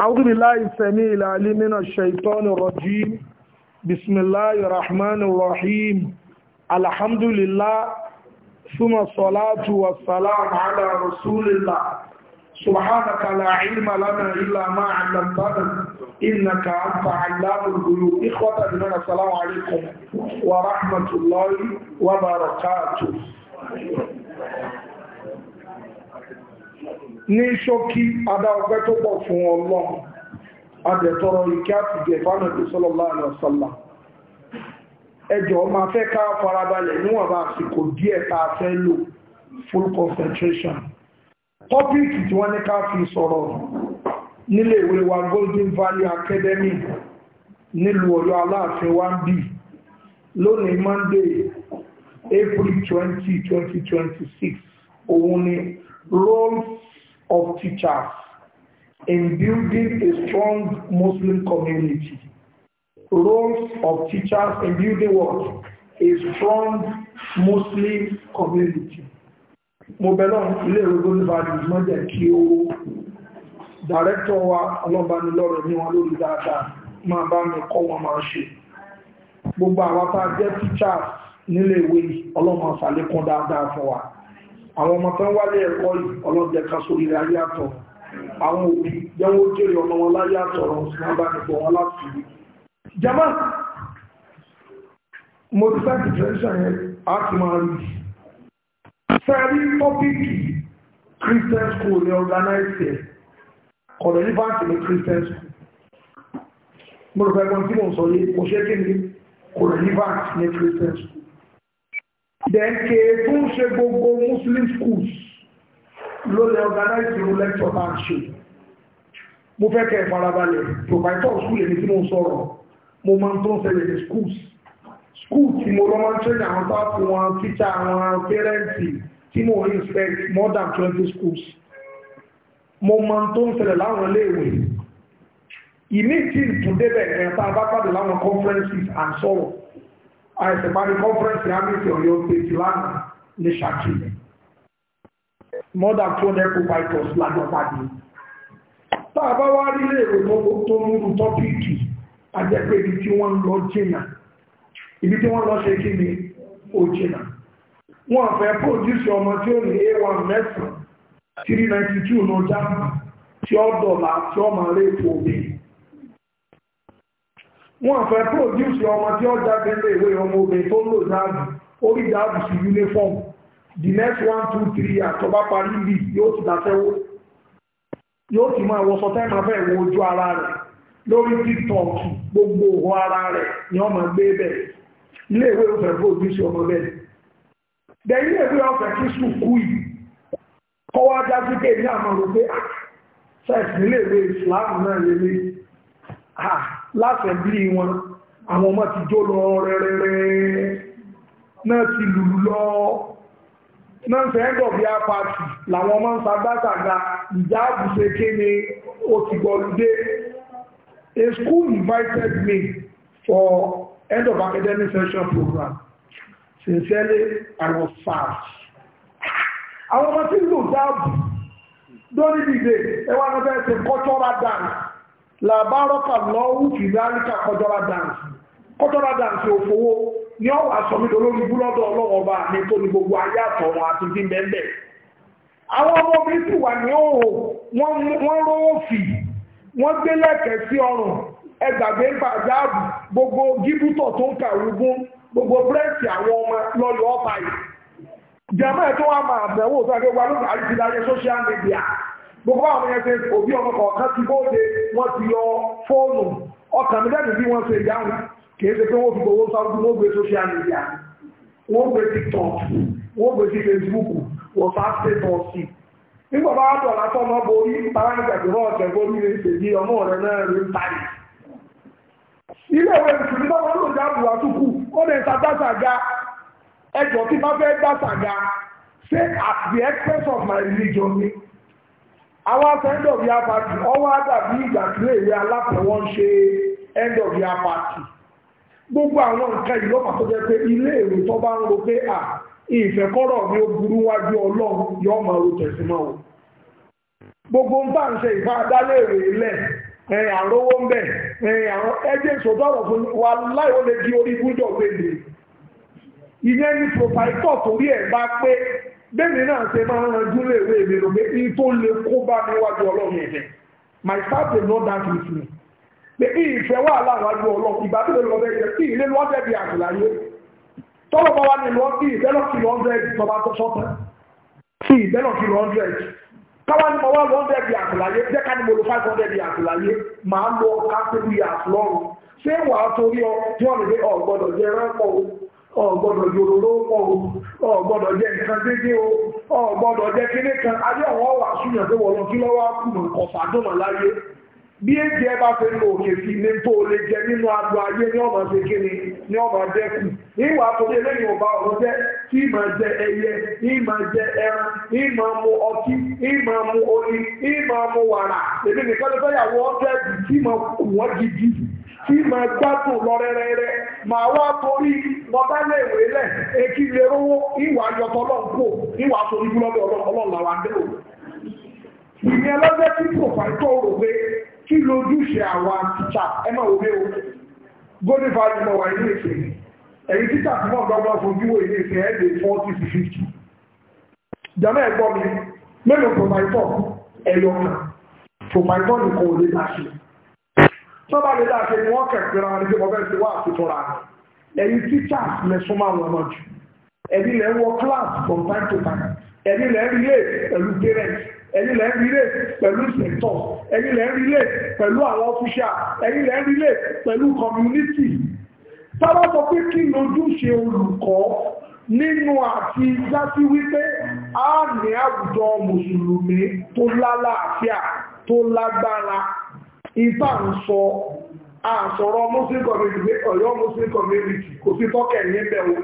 أعوذ بالله السميع العليم من الشيطان الرجيم بسم الله الرحمن الرحيم الحمد لله ثم الصلاة والسلام على رسول الله سبحانك لا علم لنا إلا ما علمتنا إنك أنت علام الغيوب إخوة من السلام عليكم ورحمة الله وبركاته ní ṣókí adá ọgbẹ́ tó pọ̀ fún ọlọ́run adẹ̀tọrọ ìkẹ́ àtìgẹ̀ fánàbí sallallahu alaihi wasallam ẹjọ́ ma fẹ́ ká farabalẹ̀ níwọ̀nba àsìkò díẹ̀ tá fẹ́ lò full concentration tọ́pìkì tí wọ́n ní ká fi sọ̀rọ̀ nílé ìwé wa Golden Valley Academy nílùú Ọ̀yọ́ Aláàfin wa ń bì lónìí Monday April 20 2026 òun ni roles of teachers in building a strong Muslim community. Roles of teachers in building what? A strong Muslim community. Mo bẹ̀rẹ̀ ilé ìrògbò níbàdí ìmọ̀jẹ̀ kí ó dàrẹ́tọ̀ wa ọlọ́banilọ́rọ̀ ní wọn lórí dáadáa máa bá mi kọ́ wọn máa ṣe. Gbogbo àwọn tá jẹ́ teachers nílé ìwé ọlọ́mọ àṣàlékún dáadáa fún wa àwọn ọmọ tán wálé ẹ̀kọ́ ọlọ́jẹ́ ká sórí ayé àtọ̀ àwọn òbí jẹ́wọ́ jèrè ọmọ wọn láyé àtọ̀ ọ̀rọ̀ wọn wọn láti rí jama mo ti sáàkì tẹ̀sán yẹn á ti máa rí sẹ́rí tọ́pìkì Christian school ní ọ̀gánáìsì ẹ̀ kọ̀dọ̀ ní báńkì ní Christian school mo rò pẹ́ gbọ́n tí mo sọ yé kò ṣe kí ni kò rẹ̀ ní báńkì ní Christian school dẹ̀ǹkè tó ń ṣe gbogbo muslim schools ló lè organize irú lecture bá ń ṣe mo fẹ́ kẹ́ ìfarabalẹ̀ proprietor school èmi tí mo sọ̀rọ̀ mo máa ń tó ń ṣẹlẹ̀ ní schools school tí mo lọ máa ń train àwọn sáfù wọn teacher àwọn pẹ́rẹ́ǹtì tí mo inspect more than twenty schools mo m'a ń tó ń ṣẹlẹ̀ láwọn iléèwé ìmí tí ìtúndébẹ̀ ẹ̀ tá a bá pàdé láwọn conferences and sọ̀rọ̀. So àìsèparí conference amity ọ̀yọ́ pèsè lánàá ní Ṣakí more than two hundred providers lájọpàdé tá a bá wá rí léèrè tó múrù tọ́pìkì ajẹ́pẹ́ ibi tí wọ́n lọ jìnà ibi tí wọ́n lọ ṣe kí ni ó jìnà wọ́n fẹ́ pòdúsì ọmọ tí ó ní a1 392, án 392 ló jáàmù tí ó dọ̀là tí ó máa rèé fòbí wọ́n fẹ́ produce ọmọ tí ó jáde lé ìwé ọmọ obìnrin tó lò dáàbù orí dáàbù sí uniform the next one two three àtọ́bá parí lì yóò ti dáfẹ́wó yóò ti máa wọṣọ tẹ́ máa fẹ́ wo ojú ara rẹ̀ lórí tiktok gbogbo òhò ara rẹ̀ ni ọmọ gbé bẹ̀ ilé ìwé ó fẹ́ produce ọmọ bẹ́ẹ̀ dẹ̀ ilé ìwé ọ̀fẹ́ kí sùkú yìí kọ́wọ́ ajá sí pé ní àmọ́ rò pé ah, sex nílé ìwé Islam náà lélẹ́yìí lásẹ̀bílì wọn àwọn ọmọ ti jó lọ rẹ̀rẹ̀rẹ̀ náà ti lùlù lọ náà ń sẹ́ńdọ̀ bí apáàtì làwọn ọmọ ń sagbátàga ìjà àbùsẹ kéne ó ti gbọ́lùdé a school invited me for end of academic session program sincerely I was fast àwọn ọmọ tí ń lò dáàbù lórí ìdè ẹwà náà fẹ́ ṣe cultural dance La làbárọ́kà lọ́wù fìdáríkà kọjọ́rá dáǹsì kọjọ́rá dáǹsì òfowó ní ọwọ́ àsọmídò lórí búlọ́dọ̀ ọlọ́wọ́ bá ní tó ní gbogbo ayé àtọ̀run àti bí bẹ́ẹ̀ àwọn ọmọbìnrin sì wà ní òòrùn wọ́n rówó fì wọ́n gbé lẹ́kẹ̀ẹ́ sí ọrùn ẹgbàgbé gbàjáàbù gbogbo gíbútọ̀ tó ń kà rúgún gbogbo bírẹ́ǹtì àwọn ọmọ lọ́yọ̀ ọ̀pá yìí jẹ́mọ́ ẹ̀ tó wà máa bẹ̀wò tó àgbégbá lónìí àríkìlá ayé social media gbogbo àwọn ẹgbẹ́ òbí ọmọ kọ̀ọ̀kan ti bóde wọ́n ti yọ fóònù ọkàn bí wọ́n ṣe ìdáhùn kìí ṣe pé wọ́n fi gbowó sáwọ́dún social media wọ́n gbé tiktok wọ́n gbé sí facebook wọ́n sá ṣètọ́sì nígbà bá wọ́n dọ̀là tó ọmọ borí bàbá ní gbàgbọ́ ọ̀sẹ̀ borí rẹ̀ ṣèjì ọmọ rẹ̀ náà àwọn afẹ́ end of year party ọwọ́ àdàbí ìgbà tí èrè alápẹ̀wọ́ ṣe end of year party gbogbo àwọn nǹkan yìí lọ́pàá tó jẹ́ pé ilé èrò tó bá ń ro pé o gbogbo ń bá ń ṣe ìfá adálèrè ilẹ̀ àrówó ń bẹ̀ ìṣòdọ́rọ̀ fún wa lè di orí bẹ́ẹ̀ni náà ṣe máa ń ranjú léèwé mi lò pé iye tó lè kó bá mi ọlọ́run ìfẹ́ my staff dey know that with me pé ìfẹ́ wà láwájú ọlọ́run ìgbà tó lọ bẹ́ẹ̀ yẹ kí ilé lọ́dẹ̀ bí àtìláyé tọ́lọ̀ bá wà ní lọ kí ìfẹ́ lọ kí lọ́ndẹ̀ẹ́dì tọba tó sọ́tẹ̀ kí ìfẹ́ lọ kí lọ́ndẹ̀ẹ́dì káwá ni mo wá lọ́ndẹ̀ẹ́dì àtìláyé jẹ́ ká ní mo lo five hundred àtìláyé Ọgbọdọ yòròró pọ̀ ọgbọdọ jẹ́ nǹkan dédé o ọ̀gbọ́dọ̀ jẹ́ kan ayé àwọn ọ̀wà súnyàn tó wọ́n kí lọ́wọ́ kùnà ọ̀fàdùnmọ̀ láyé bí èjì jẹ́ bá fẹ́ lò òkè sí tó lè jẹ nínú ọba ọ̀rọ̀ jẹ́ tí jẹ ẹyẹ jẹ ẹran mu ọtí mu mu wàrà èmi nìkan fẹ́ tí ma gbádùn lọ ma wá torí mọ́tálẹ̀ ìwé lẹ̀ ekí lè rówó ìwà yọtọ̀ lọ́nkò ìwà torí gúlọ́dọ̀ ọlọ́ọ̀lá wa dé ìyẹn tí pé kí lójúṣe àwa ẹ máa wọlé o gómìnà fàájì mọ̀ wà ilé ìfẹ́ ẹ̀yìn títà tí fojú wo ilé sọ́ba lè dá ṣe ni wọ́n kẹ̀kẹ́ra wọn ní pé mo fẹ́ ṣe wá àtúntúnra ẹ̀yin teachers lẹ súnmọ́ àwọn ọmọ jù ẹ̀yin lẹ wọ class from time to time ẹ̀yin lẹ relate pẹ̀lú parents ẹ̀yin lẹ relate pẹ̀lú sector ẹ̀yin lẹ relate pẹ̀lú àwọn official ẹ̀yin lẹ relate pẹ̀lú community sábà sọ pé kí lójúṣe olùkọ́ nínú àti dásí wípé a ní àwùjọ mùsùlùmí tó lálàáfíà tó lágbára ìta ń sọ àṣọ̀rọ̀ muslim community ọ̀yọ́ muslim community kò sí tọ́kẹ̀ ní bẹ̀wò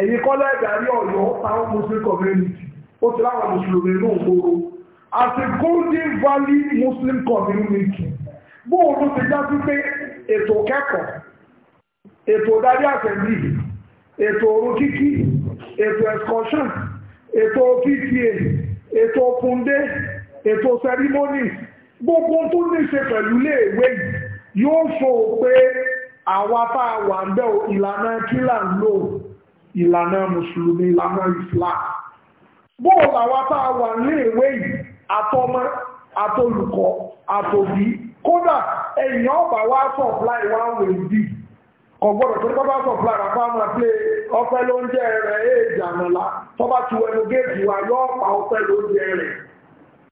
ẹ̀yìn kọ́lẹ̀ ìdarí ọ̀yọ́ táwọn muslim community ó ti láwọn mùsùlùmí inú ògbóró àti golden valley muslim community bóòrùn ti já sí pé ètò kẹ́kọ̀ọ́ ètò ìdarí àtẹ̀lì ètò orun kíkí ètò excursion ètò pta ètò kúndé ètò ceremonies gbogbo tó ní ṣe pẹ̀lú léèwé yìí yóò sọ pé àwa tá a wà ń bẹ̀ ìlànà kílà ń lò ìlànà mùsùlùmí ìlànà islam bóòlù àwa tá a wà léèwé yìí àtọmọ àtolùkọ́ àtòbí kódà ẹ̀yìn ọba wa supply one way b kò gbọ́dọ̀ tó bá bá supply àpá máa pé ọpẹ́ lóúnjẹ rẹ̀ èèjì àmàlà tó bá ti wẹnu géètì wa yọ ọ̀pá ọpẹ́ lóúnjẹ rẹ̀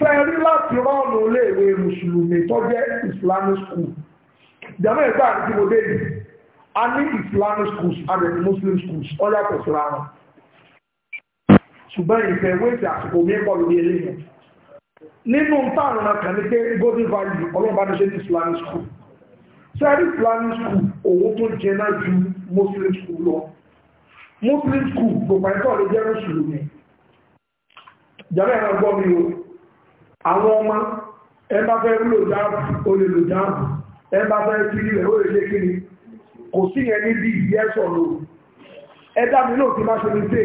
fẹ́ rí láti rọ́ọ̀nù iléèwé mùsùlùmí tó jẹ́ islamic school jẹ́mọ́ ìgbà àti mo dé yìí a ní islamic schools and muslim schools ọjà kò síra wọn ṣùgbọ́n ìfẹ́ wéètì àsìkò mi pọ̀ lórí eléyìí nínú táàrùn náà kàn ní pé golden valley ọlọ́ba ní ṣe ní islamic school sẹ́rí islamic school owó tó jẹ náà ju muslim school lọ muslim school gbogbo ẹ̀kọ́ lè jẹ́ mùsùlùmí jẹ́mọ́ ẹ̀rọ gbọ́ mi o àwọn ọmọ ẹ bá fẹ́ lò dáàbù ó lè lò dáàbù ẹ bá fẹ́ kiri rẹ̀ ó lè lé kiri kò sí yẹn níbi ìyẹ́sọ̀ lò ẹ dá mi lóòtí má ṣe ní pé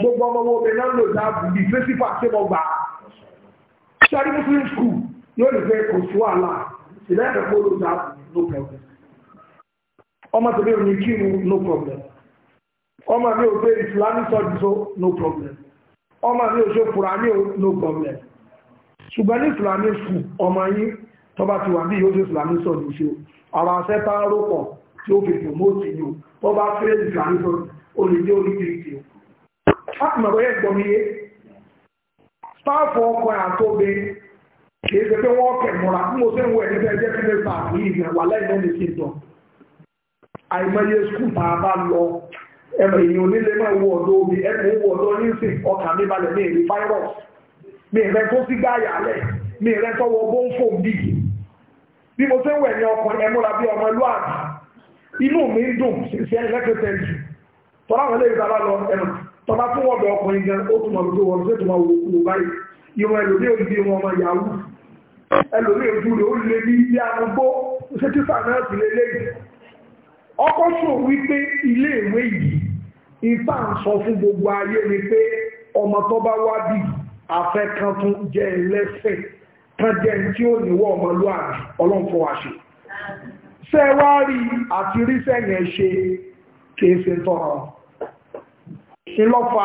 gbogbo ọmọ ọmọ obìnrin náà lò dáàbù bíi pẹ́sífà tí mo gbà á ṣáàrí muslim school yóò lè fẹ́ kò sí wàhálà ìlẹ́ ẹ̀kọ́ lò dáàbù no problem ọmọ tẹ̀lé òní kírun no problem ọmọ mi ò gbé islamic studies no problem ọmọ mi ò ṣe fúra mi ò no problem ṣùgbọ́n ní ìsìlámì sùn ọmọ yín tó bá ti wà bí yóò ṣe ìsìlámì sọ ní ṣe àwọn aṣẹ́ tá rò pọ̀ tí ó fi promote ni o tó bá fẹ́ ìsìlámì sọ ó lè dé orí kìrìkì o. láti mọ̀ bóyá ìgbọ́n mi yé sáàfù ọkọ̀ àtọ́bẹ kìí ṣe pé ọ̀dọ́ omi ẹ̀kọ́ wọ ọ̀dọ́ ní ọkà mi ní èrè fáírọ̀sì mi rẹ tó sí gáyà lẹ̀ mi rẹ tó wọ bóńfò bí bí mo ṣe ń wẹ̀ ní ọkùnrin ẹ̀ múra bí ọmọ ìlú àbí inú mi ń dùn sí ẹni lẹ́kẹ̀tẹ̀ jù tọ́lá wọn lè rí bàbá lọ ẹnu tọ́lá fún wọn bẹ ọkùnrin gan ó tún mọ̀ lójú wọn ṣé tó máa wò kú báyìí ìwọ̀n ẹlòmí ò di wọn ọmọ yahoo ẹlòmí ojú rẹ̀ ó lè ní ilé arúgbó ṣé títà náà sì lè léyìí ọkọ̀ sọ wípé ilé ìwé yìí ìfà sọ fún gbogbo ayé ni pé ọmọ tó bá wá bíi afẹ́kan tún jẹ́ ẹlẹ́sẹ̀ kan jẹ́ tí ó níwọ́ ọmọlúwàbí ọlọ́nfọ́ àṣẹ sẹ́wárí àti rísẹ̀yẹn ṣe kìí ṣe tọrọ ìlọ́fà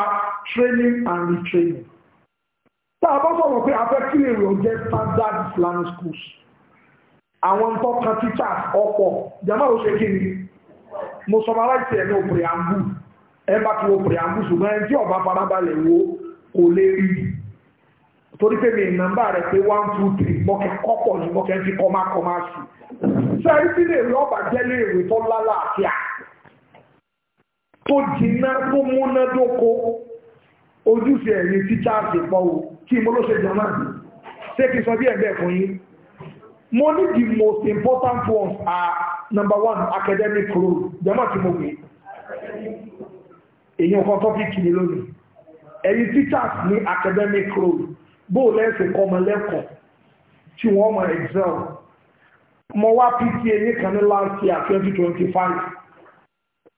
training and retraining tá a bá sọ̀rọ̀ pé afẹ́ kí lè rọ̀ jẹ́ standard Islamic schools àwọn tó kan teachers ọ̀pọ̀ jama ò ṣe kí ni mo sọ mara ìṣẹ̀ ní òpèrè àmbù ẹ bá ti wo òpèrè àmbù ṣùgbọ́n ẹni tí ọba farabalẹ̀ wo kò lè rí torí pé mi nàmbà rẹ̀ pé one two three mọ́kẹ́ kọ́pọ̀ ní mọ́kẹ́ fi kọ́ máa kọ́ máa sí sẹ́rí tí lè rí ọba jẹ́ lè rí tó lálàáfíà tó jìnnà tó múnádóko ojúṣe ẹ̀yìn títà àṣepọ̀ o kí mo ló ṣe jọ náà ṣé kí n sọ bí ẹ̀bẹ̀ fún yín mo ní the most important ones are number one academic role jẹ́mọ̀ tí mo gbé èyí nǹkan tó fi kìlì lónìí ẹ̀yìn títà ní academic role bóò lẹ́sìn kọ́mọ lẹ́kọ̀ọ́ tí wọ́n mọ exam mo wá PTA ní kan ní last year twenty twenty five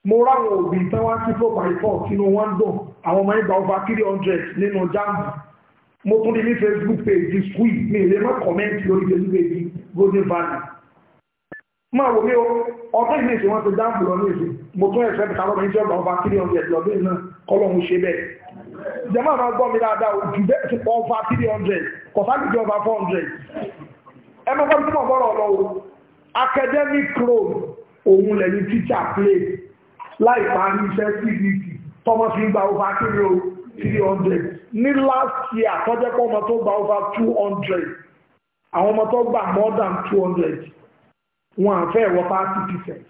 mo ráwọn òbí tán wá sí four by four sínú wọn dùn àwọn ọmọ ìgbà over three hundred nínú jamb mo tún ní ní Facebook page school mi ìlé mọ́ comment lórí Facebook page Golden Valley máa wò mí o ọdún ìlú ìsìn wọn ti jamb lọ ní ìsìn mo tún ẹ̀fẹ́ bìtà lọ́mọ ìjọba over three hundred lọ́dún náà kọ́ lọ́hún ṣe bẹ́ẹ̀. The man gbọ́ mi dáadáa ò jù bẹ́ẹ̀ ti ọba three hundred kọ̀sáàlì jẹ́ ọba four hundred ẹ máa gbọ́dọ̀ tí mo gbọ́dọ̀ lọ o academic role òun lẹ́yìn teacher play láì parí iṣẹ́ cdc tọ́mọ over three o last year tọ́jẹ́ pé ọmọ tó over 200. I àwọn ọmọ tó gba more than 200. hundred wọn àfẹ́ ìwọ thirty percent.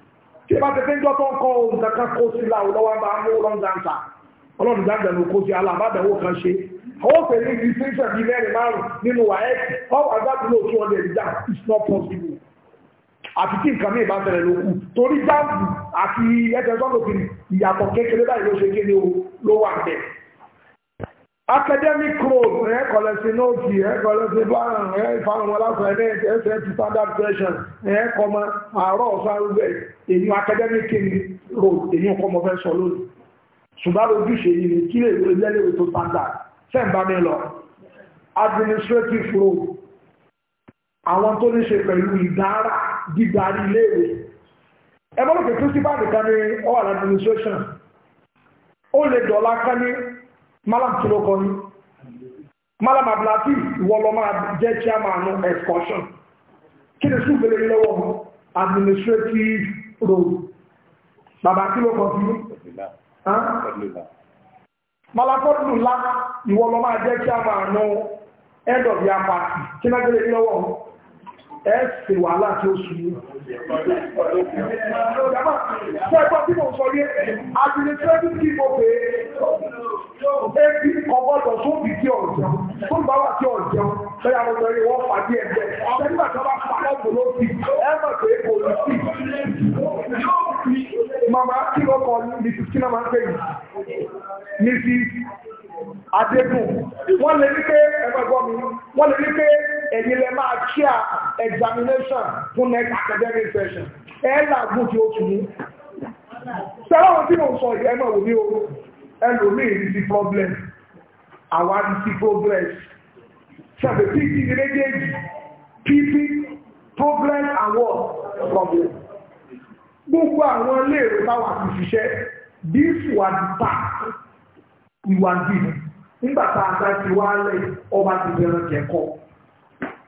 tí bá ti péjọ tó ń kọ́ ohun kankan kó sí láwù lọ́wọ́ bá mú lọ́n dáńtà ọlọ́run dáńtà ló kó sí alábàdàwó kan ṣe àwọn òfin ní distinction bíi mẹ́rin márùn nínú wáyẹ́ẹ̀kì ọwọ́ àgbàdúró tí wọ́n lè rí dá it's not possible àti tí nǹkan mìíràn bá tẹ̀lẹ̀ ló kù torí dáàbù àti ẹgbẹ̀sọ́gbòkiri ìyàtọ̀ kékeré báyìí ló ṣe kéde ló wà bẹ́ẹ̀ academic code ẹ̀ kọ̀lẹ̀ sí nóòtì ẹ̀ kọ̀lẹ̀ sí báàrùn ẹ̀ ìfàwọn aláṣọ ẹ̀ ẹ̀sẹ̀ ti standard question ẹ̀ kọ́mọ àárọ̀ ọ̀sán rúbẹ̀ èyí academic code èyí kọ́mọ fẹ́ sọ lónìí ṣùgbọ́n ojúṣe yìí kí lè wọlé lẹ́lẹ́wẹ̀ tó standard sẹ́ǹbámi lọ administrative role àwọn tó ní ṣe pẹ̀lú ìdára dídarí iléèwé ẹgbọ́n lókè principal nìkan ní all administration ó lè dọ̀la kan ní malam kí ló kọ ní malam abdulhafi ìwọ lọ máa jẹ́ chairman excursion kí ni sùn gbélé lọ́wọ́ administrative role bàbá kí ló kọ sí malakọ́dùnú ńlá ìwọ lọ máa jẹ́ chairman head of your party kí ni gbélé ẹ ṣe wàhálà tí ó sùn yìí. Ṣẹ́gbọ́n tí mo sọ yé, administrative people pay ebi ọgọ́dọ̀ tó bì kí ọ̀jọ́ tó bá wà kí ọ̀jọ́ lọ́yà mo sọ yé wọ́n fà bí ẹgbẹ́. Ṣẹ́gbọ́n tí wọ́n bá pa ọ̀gbọ̀n ló fi ẹ mọ̀ pé kò ní sí. Màmá kí lọ́kọ̀ Mrs. Kina máa ń pè yìí. Mrs adékùn wọ́n lè ní pé ẹgbẹ́gbọ́ mi wọ́n lè ní pé ẹ̀yin lẹ máa kí à examination fún next academic session ẹ làágùn tí ó tún mú sẹ́wọ́n tí mo sọ yìí ẹ máa wò ní oró ẹlòmíì ní ti problem àwa ní ti progress ṣàbẹ̀ pp ní méjèèjì pp problem àwọn problem gbogbo àwọn iléèrè báwa ti ṣiṣẹ́ this was part, we were given nígbà tá a ta ti wá lẹ ọba ti bẹ̀rẹ̀ kẹ́kọ̀ọ́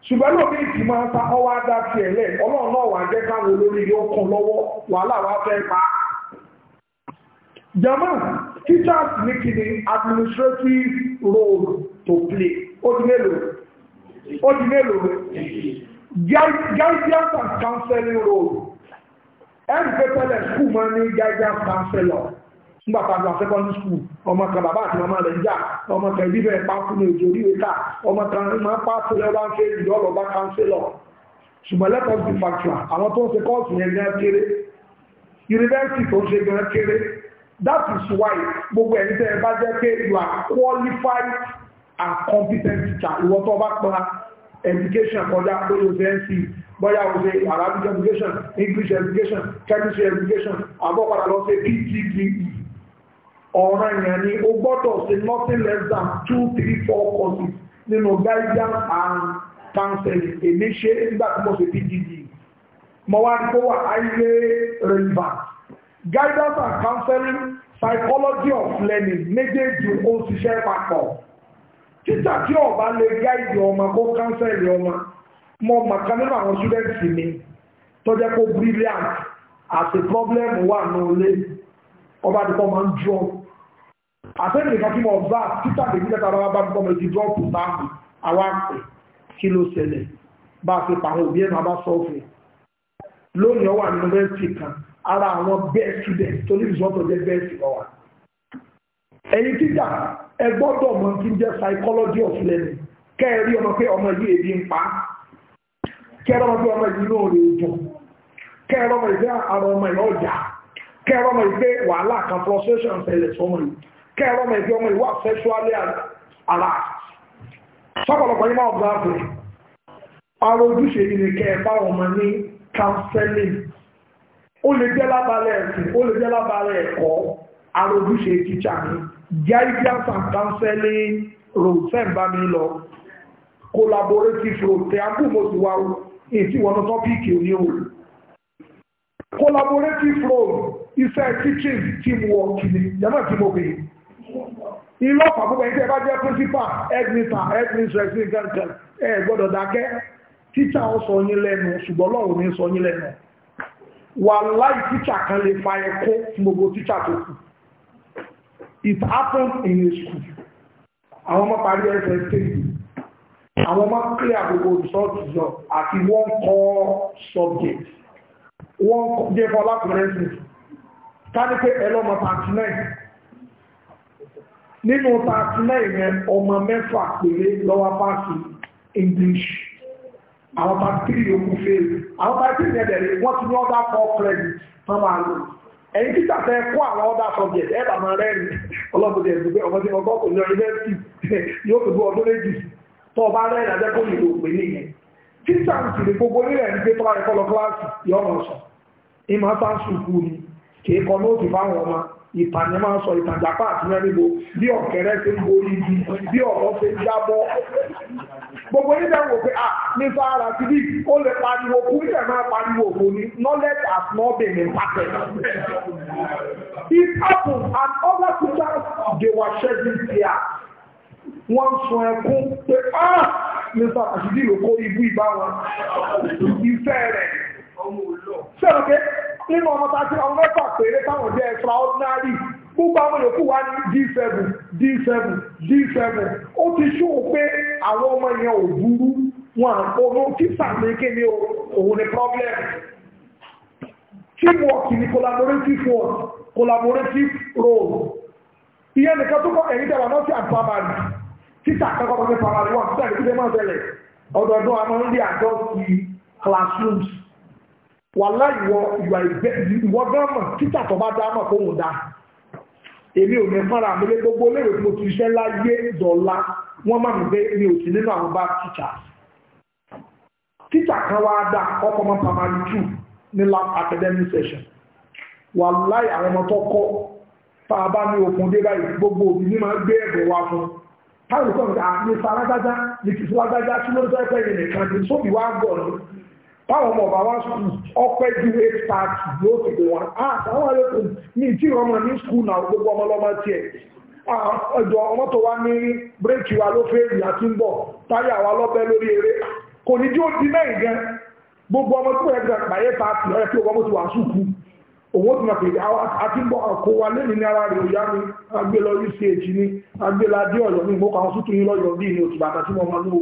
ṣùgbọ́n lóbi ìtì máa ta ọwọ́ adá sí ẹ̀ lẹ̀ ọlọ́run náà wà jẹ́ káwọn olórí yóò kàn lọ́wọ́ wàhálà wá fẹ́ pa. jama teachers ní kí ni administrative role to play ó di mélòó ó di mélòó guidance and counseling role ẹnì pé tẹ́lẹ̀ school máa ní guidance counselor nígbà tá a gba secondary school ọmọ kan bàbá àti màmá rẹ̀ ń jà ọmọ kan ibi bẹ́ẹ̀ pa fún èjò orí ìta ọmọ kan máa pa fún ẹ ń fẹ́ ìlú ọ̀rọ̀ bá ṣùgbọ́n lẹ́kọ̀ọ́ ti fàtúrà àwọn tó ń ṣe kọ́ọ̀sì yẹn gan kéré yunifásitì tó ń ṣe gan kéré that is why gbogbo ẹni tẹ́ ẹ bá jẹ́ pé you are qualified and competent teacher ìwọ tó bá pa education kọjá lórí oṣù nc bóyá oṣù Arabic education English education chemistry education àbọ̀ padà lọ sí ptde ọ̀ràn yẹn ni ó gbọ́dọ̀ ṣe nothing less than two three four courses nínú guidance and counseling èmi ṣe nígbà tí mo ṣe pgd mo wá ní kó wà ayé relevant guidance and counseling psychology of learning méjèèjì ó ṣiṣẹ́ papọ̀ títà tí ọba lè gáìdì ọmọ kó kánsẹ̀lì ọmọ mo màkà nínú àwọn ṣúdẹ́ǹtì mi tọ́jẹ́ kó brilliant àti problem wà ní olé ọba àdìpọ̀ máa ń drop àtẹ́lẹ̀ kan kí mọ̀ bá títà lè nílẹ̀ tàbí bá gbọ́mọ̀ ìdí drọ́pù táàkù àwọn àpẹ kí ló ṣẹlẹ̀ bá fi pàwọn òbí ẹ̀nà bá sọ́ọ̀fẹ́ lónìí ọwà nínú bẹ́ẹ̀sì kan ara àwọn bẹ́ẹ̀ student tó ní ìṣọ́tọ̀ jẹ́ bẹ́ẹ̀sì lọ́wà ẹ̀yin títà ẹ gbọ́dọ̀ mọ̀ tí ń jẹ́ psychology of learning kẹ́ẹ̀rí ọmọ pé ọmọ yìí èdè ń pa kẹ́ẹ̀rọ ọmọ pé ọmọ yìí náà rè jọ kẹ́ẹ̀rọ ọmọ ìgbé àrọ ọmọ ìlọ́jà kẹ́ẹ̀rọ ọmọ ìgbé wàhálà kan frustration ṣẹlẹ̀ sọmọ yìí kẹ́ẹ̀rọ ọmọ ìgbé ọmọ ìwà sexually harassed sọ́pọ̀lọpọ̀ yìí máa ọ̀gbà àbẹ̀ ara ojúṣe yìí ni kẹ́ẹ̀ bá ọmọ ní counseling ó lè jẹ́ lábàlẹ̀ ẹ̀sìn ó lè jẹ́ lábàlẹ̀ ẹ̀kọ́ ara ojúṣe tíṣà ní guidance and counseling role fẹ́ bá mi lọ collaborative role tẹ̀ àbú mo ti wá èsì wọnú tọ́píìkì òní o collaborative role iṣẹ́ teaching teamwork ni yàrá tí mo bèèrè irọ́ pàpọ̀pọ̀ ẹgbẹ́ bá jẹ́ principal headmaster headmistress ní gangan ẹ gbọ́dọ̀ dákẹ́ tíṣà ó sọ yín lẹ́nu ṣùgbọ́n lọ́rùn ní sọ yín lẹ́nu wà láì tíṣà kan lè fa ẹkọ́ fún gbogbo tíṣà tó kù it happened in a school àwọn ọmọ parí ẹsẹ̀ stage àwọn ọmọ clear gbogbo result yọ àti one core subject one core jẹ́ fọlákùnrin ká ní pé ẹlọ́mọ 39 nínú tààtì mẹ́rin ọmọ mẹ́fà péré lọ́wọ́ pàṣẹ English àwọn tààtì yòókù fèrè àwọn tààtì yẹn bẹ̀rẹ̀ wọ́n ti ní ọ̀dà four credit wọ́n máa lò ẹ̀yìn títà fẹ́ kọ́ àwọn ọ̀dà subject ẹ̀ bàmà rẹ́rìn ọlọ́gbọ̀dẹ ẹ̀dùgbẹ́ ọmọdé ọgọ́ kò ní yunifásitì yóò fi bú ọdún méjì tó ọba rẹ́rìn adẹ́kọ̀ọ́ yìí ló pè nìyẹn títà ń tìrì gbogbo nílẹ̀ ń gbé tọ́lá ẹ̀kọ́ lọ kíláàsì yọ̀ọ̀nà ọ̀sán ìmọ̀ sáà sùkúù ni kì í kọ́ nóòtù fáwọn ọmọ ìtàn máa ń sọ ìtàjàpá àti mẹ́rìnbó bí ọ̀kẹ́rẹ́ ṣe ń borí ibi bí ọ̀rọ̀ ṣe ń jábọ́ gbogbo nígbà wò pé à ní sára ti bí ó lè pariwo kú ní ẹ̀rọ pariwo kò ní knowledge has not been impacted it happens, and other teachers they were shedding tears wọ́n sun ẹkún pé á ní sára àti bí ìlòkó ibú ìbá wọn ìfẹ́ rẹ̀ sẹ́wọ̀n nínú ọmọ tàbí ọmọ mẹ́fà péré táwọn jẹ́ extraordinary gbogbo àwọn yòókù wá ní d7 d7 d7 ó ti ṣóò pé àwọn ọmọ yẹn ò burú wọn àkóónú títà ní kéde òun ni problem teamwork ni collaborative work collaborative role ìyẹn nìkan tó kọ́ ẹ̀yìn dẹ̀wà náà sí àpamàlì títà kọ́kọ́ pẹ̀lú pàmàlì wọn títà ní kíkẹ́ máa tẹ̀lẹ̀ ọ̀dọ̀ọ̀dún àmọ́ ń rí àjọ sí classrooms wàhálà ìwọ ìwà ìgbẹ́ ìwọ dámọ̀ títà tó bá dámọ̀ kó hùn dá èmi ò ní fara mi lé gbogbo léèrè tí mo ti iṣẹ́ láyé dọ̀la wọ́n má mi gbé mi ò sí nínú àwọn bá títà títà kan wá dá ọkọ̀ mọ́ primary two ní lab academic session wàhálà àwọn ọmọ tó kọ́ tá a bá ní okun dé báyìí gbogbo òbí ní máa gbé ẹ̀bùn wa fún táwọn olùkọ́ mi ní sàlágájá ní tìsílágájá tí ló ń sọ ẹ̀kọ́ ìrìn nìkan tí sóbì wá gbọ̀ ní táwọn ọmọ bàbá skul ọpẹ́ ju eight thirty yóò ti dé wọn á àwọn ẹlẹ́kùn ní ìtì ọmọ ní skul náà gbogbo ọmọ lọ́mọ tiẹ̀ ẹjọ́ ah, ọmọ tó wá ní bírèkì wa ló fẹ́ ìyá tí ń bọ̀ táyà wa lọ́bẹ̀ lórí eré kò ní tí di mẹ́rin gan gbogbo ọmọ tó yẹ gan pàyẹ́ ta ti ọmọ tó ara rẹ̀ mi uch adé ọ̀yọ́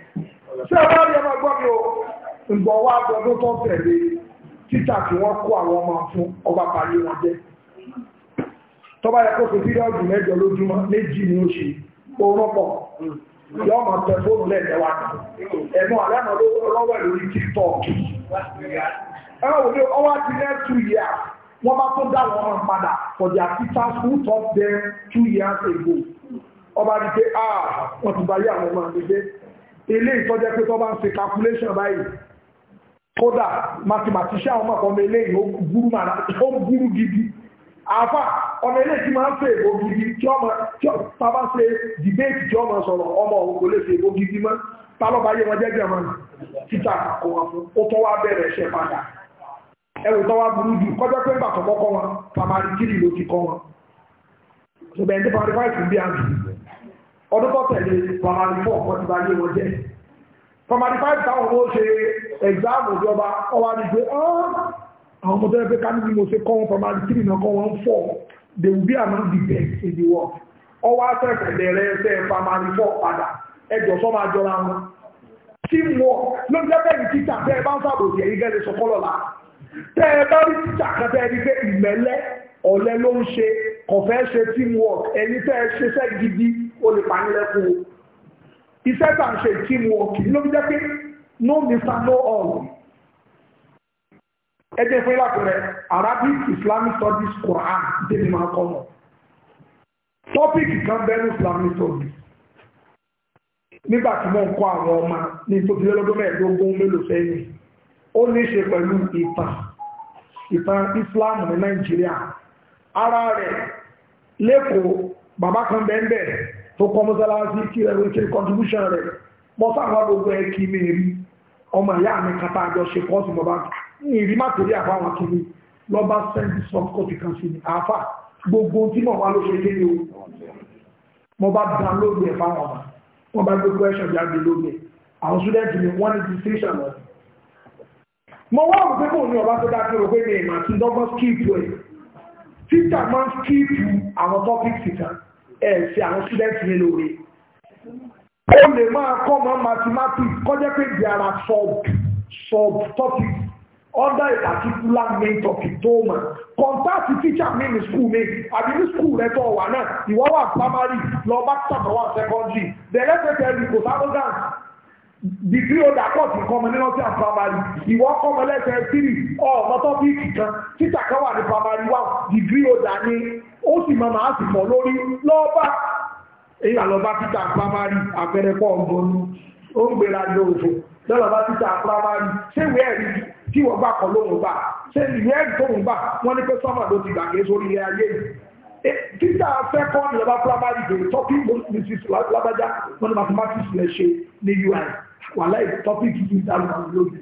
ṣé ẹ bá rí ẹmọ gbọ́ mi o ǹgbọ̀n wá gbọdún tó tẹ̀lé títà tí wọ́n kó àwọn ọmọ fún ọba parí wọn jẹ́ tọ́ba yẹ kó fèsì ọdún mẹ́jọ lójúmọ́ méjì ni ó ṣe oorun pọ̀ yọ ọmọ tẹ fóònù lẹ́ẹ̀dẹ́wà ẹ̀nu àlẹ́nu lọ́wọ́ lórí tiktok ẹ wò ní ọwọ́ ti ní two years wọ́n bá tó dá wọn padà for their teachers who taught them two years ago ọba ní pé ah wọ́n ti bá yé àwọn ọmọ mi dé eléyìí tó jẹ́ pé tó bá ń ṣe calculation báyìí kódà mathematician ọmọ ọmọ eléyìí ó burú màrà ó burú gidi àfà ọmọ eléyìí tí máa ń ṣe èbó gidi tí ọmọ tí ọba ṣe debate tí ọmọ sọ̀rọ̀ ọmọ òun kò lè se èbó gidi mọ́ tálọ́ba yé wọn jẹ́jẹ́ mọ́ títà kò wọ́n fún ó tọ́ wá bẹ̀rẹ̀ ṣẹ́ padà ẹrù tó wá burú jù kọjá pé gbàtọ̀ kọ́kọ́ wọn pàmàrí kiri ló ti kọ́ wọn ṣùgbọ́n ẹni tó ọdún tó tẹ̀lé primary four wọ́n ti bá yé wọn jẹ́ primary five táwọn ṣe exam ìjọba ọwọ́ àdìgbé ah, àwọn ọmọdé ẹgbẹ́ ká níbi mo ṣe kọ́ wọn primary three náà kọ́ wọn four they will be among the best in the world ọwọ́ àtẹ̀kẹ̀ bẹ̀rẹ̀ ẹsẹ̀ primary four padà ẹjọ́ sọ́ máa jọra wọn teamwork ni títà tẹ́ ẹ bá ń sàbòsí la tẹ́ ẹ bá rí títà kan tẹ́ ẹ rí pé ìmẹ́lẹ́ ọ̀lẹ ló ń ṣe kọ̀fẹ́ gidi ó lè pa nílẹ̀ fún o iṣẹ́ tà ń ṣe kí mu ọ̀kì ló fi jẹ́ pé no mr no all ẹ jẹ́ fún ìlàkùnrin Arabic Islamic Studies Quran dèmi máa kọ́ mọ̀ tọ́pìkì kan bẹ́ẹ̀ ní Islamic Studies nígbà tí wọ́n ń kọ́ àwọn ọmọ ní tóbi lọ́dún mẹ́ẹ̀ẹ́dógún mélòó sẹ́yìn ó ní ṣe pẹ̀lú ìtàn ìtàn Islam ní Nàìjíríà ara rẹ̀ lẹ́kọ̀ọ́ bàbá kan bẹ́ẹ̀ bẹ́ẹ̀ tó kọ́ mọ́sálásí kí ẹ̀rọ ìṣe contribution rẹ̀ mọ́ sáwọn gbogbo ẹ̀ kí mi rí ọmọ ìyá mi kata àjọ ṣe kọ́ọ̀sì mọ́ bá ní ìrí má torí àbá wọn kiri lọ́ bá sẹ́ńtì sọ́kọ́tì kan sí ni àáfà gbogbo tí mọ̀ wá ló ṣe dé ní o mo bá dán lóògbé ẹ̀ fáwọn ọmọ wọn bá gbogbo ẹ̀ṣọ̀ jáde lóògbé àwọn student mi wọ́n ní distinction lọ. mo wá òkú pé kò ní ọba tó dájú rò pé mi ìmọ̀ àti dọ́gbọ́n skip rẹ̀ ẹ̀ ṣe àwọn student yẹn lóore ó lè máa kọ́ mọ́ mathematics kọjá pé there are sub sub topics under a particular main topic tó mọ̀ contact teacher mi ní school mi àbí ní school rẹ tó wà náà ìwọ wà primary lọ bá sábà wà secondary the rest of the kò sáré gàn degree ọ̀dà kọ́ọ̀tù kọ́mọ ní lọ́sí àti primary ìwọ kọ́mọ lẹ́sẹ̀ three ọ̀ọ́ mọ́tọ́pìkì kan teacher kan wà ní primary one degree ọ̀dà ní ó sì máa máa sì mọ̀ lórí lọ́ọ́bá èyí àlọ́bá títà primary àpẹẹrẹ pọ̀ ọgbọ̀nù ó ń gbèrà ní òfò lọ́lọ́bá títà primary ṣé ìwé ẹ̀rí tí wọ́n gbà kọ́ lóhùn gbà ṣé ìwé ẹ̀rí tó ń gbà wọ́n ní pé sọ́mà ló ti gbàgbé sórí ilé ayé títà fẹ́kọ́ ní lọ́bá primary dè tọ́pì mrs lábájá wọ́n ní mathematics lè ṣe ní ui wàhálà ìtọ́pì tuntun ìdálùmọ̀ lónìí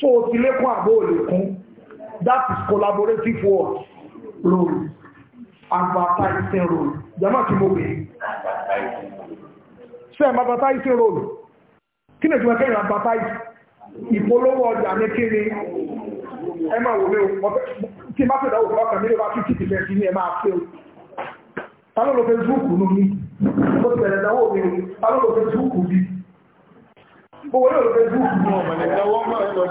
so o ti lékún àbó òlèkún that is collaborative work role advertising role jama ti mo gbé ṣe m advertising role kí ni ìjọba kẹrin advertise ìpolówó ọjà ní kiri ẹ máa wò mí o tí má fẹ́dà òkú ọkàn nílé bá tí tí tìfẹ́ sí ní ẹ máa fẹ́ o ta ló lo Facebook nù mí ó ti bẹ̀rẹ̀ ìdánwò mi o ta ló lo Facebook bíi Gbogbo yóò fẹ́ jù.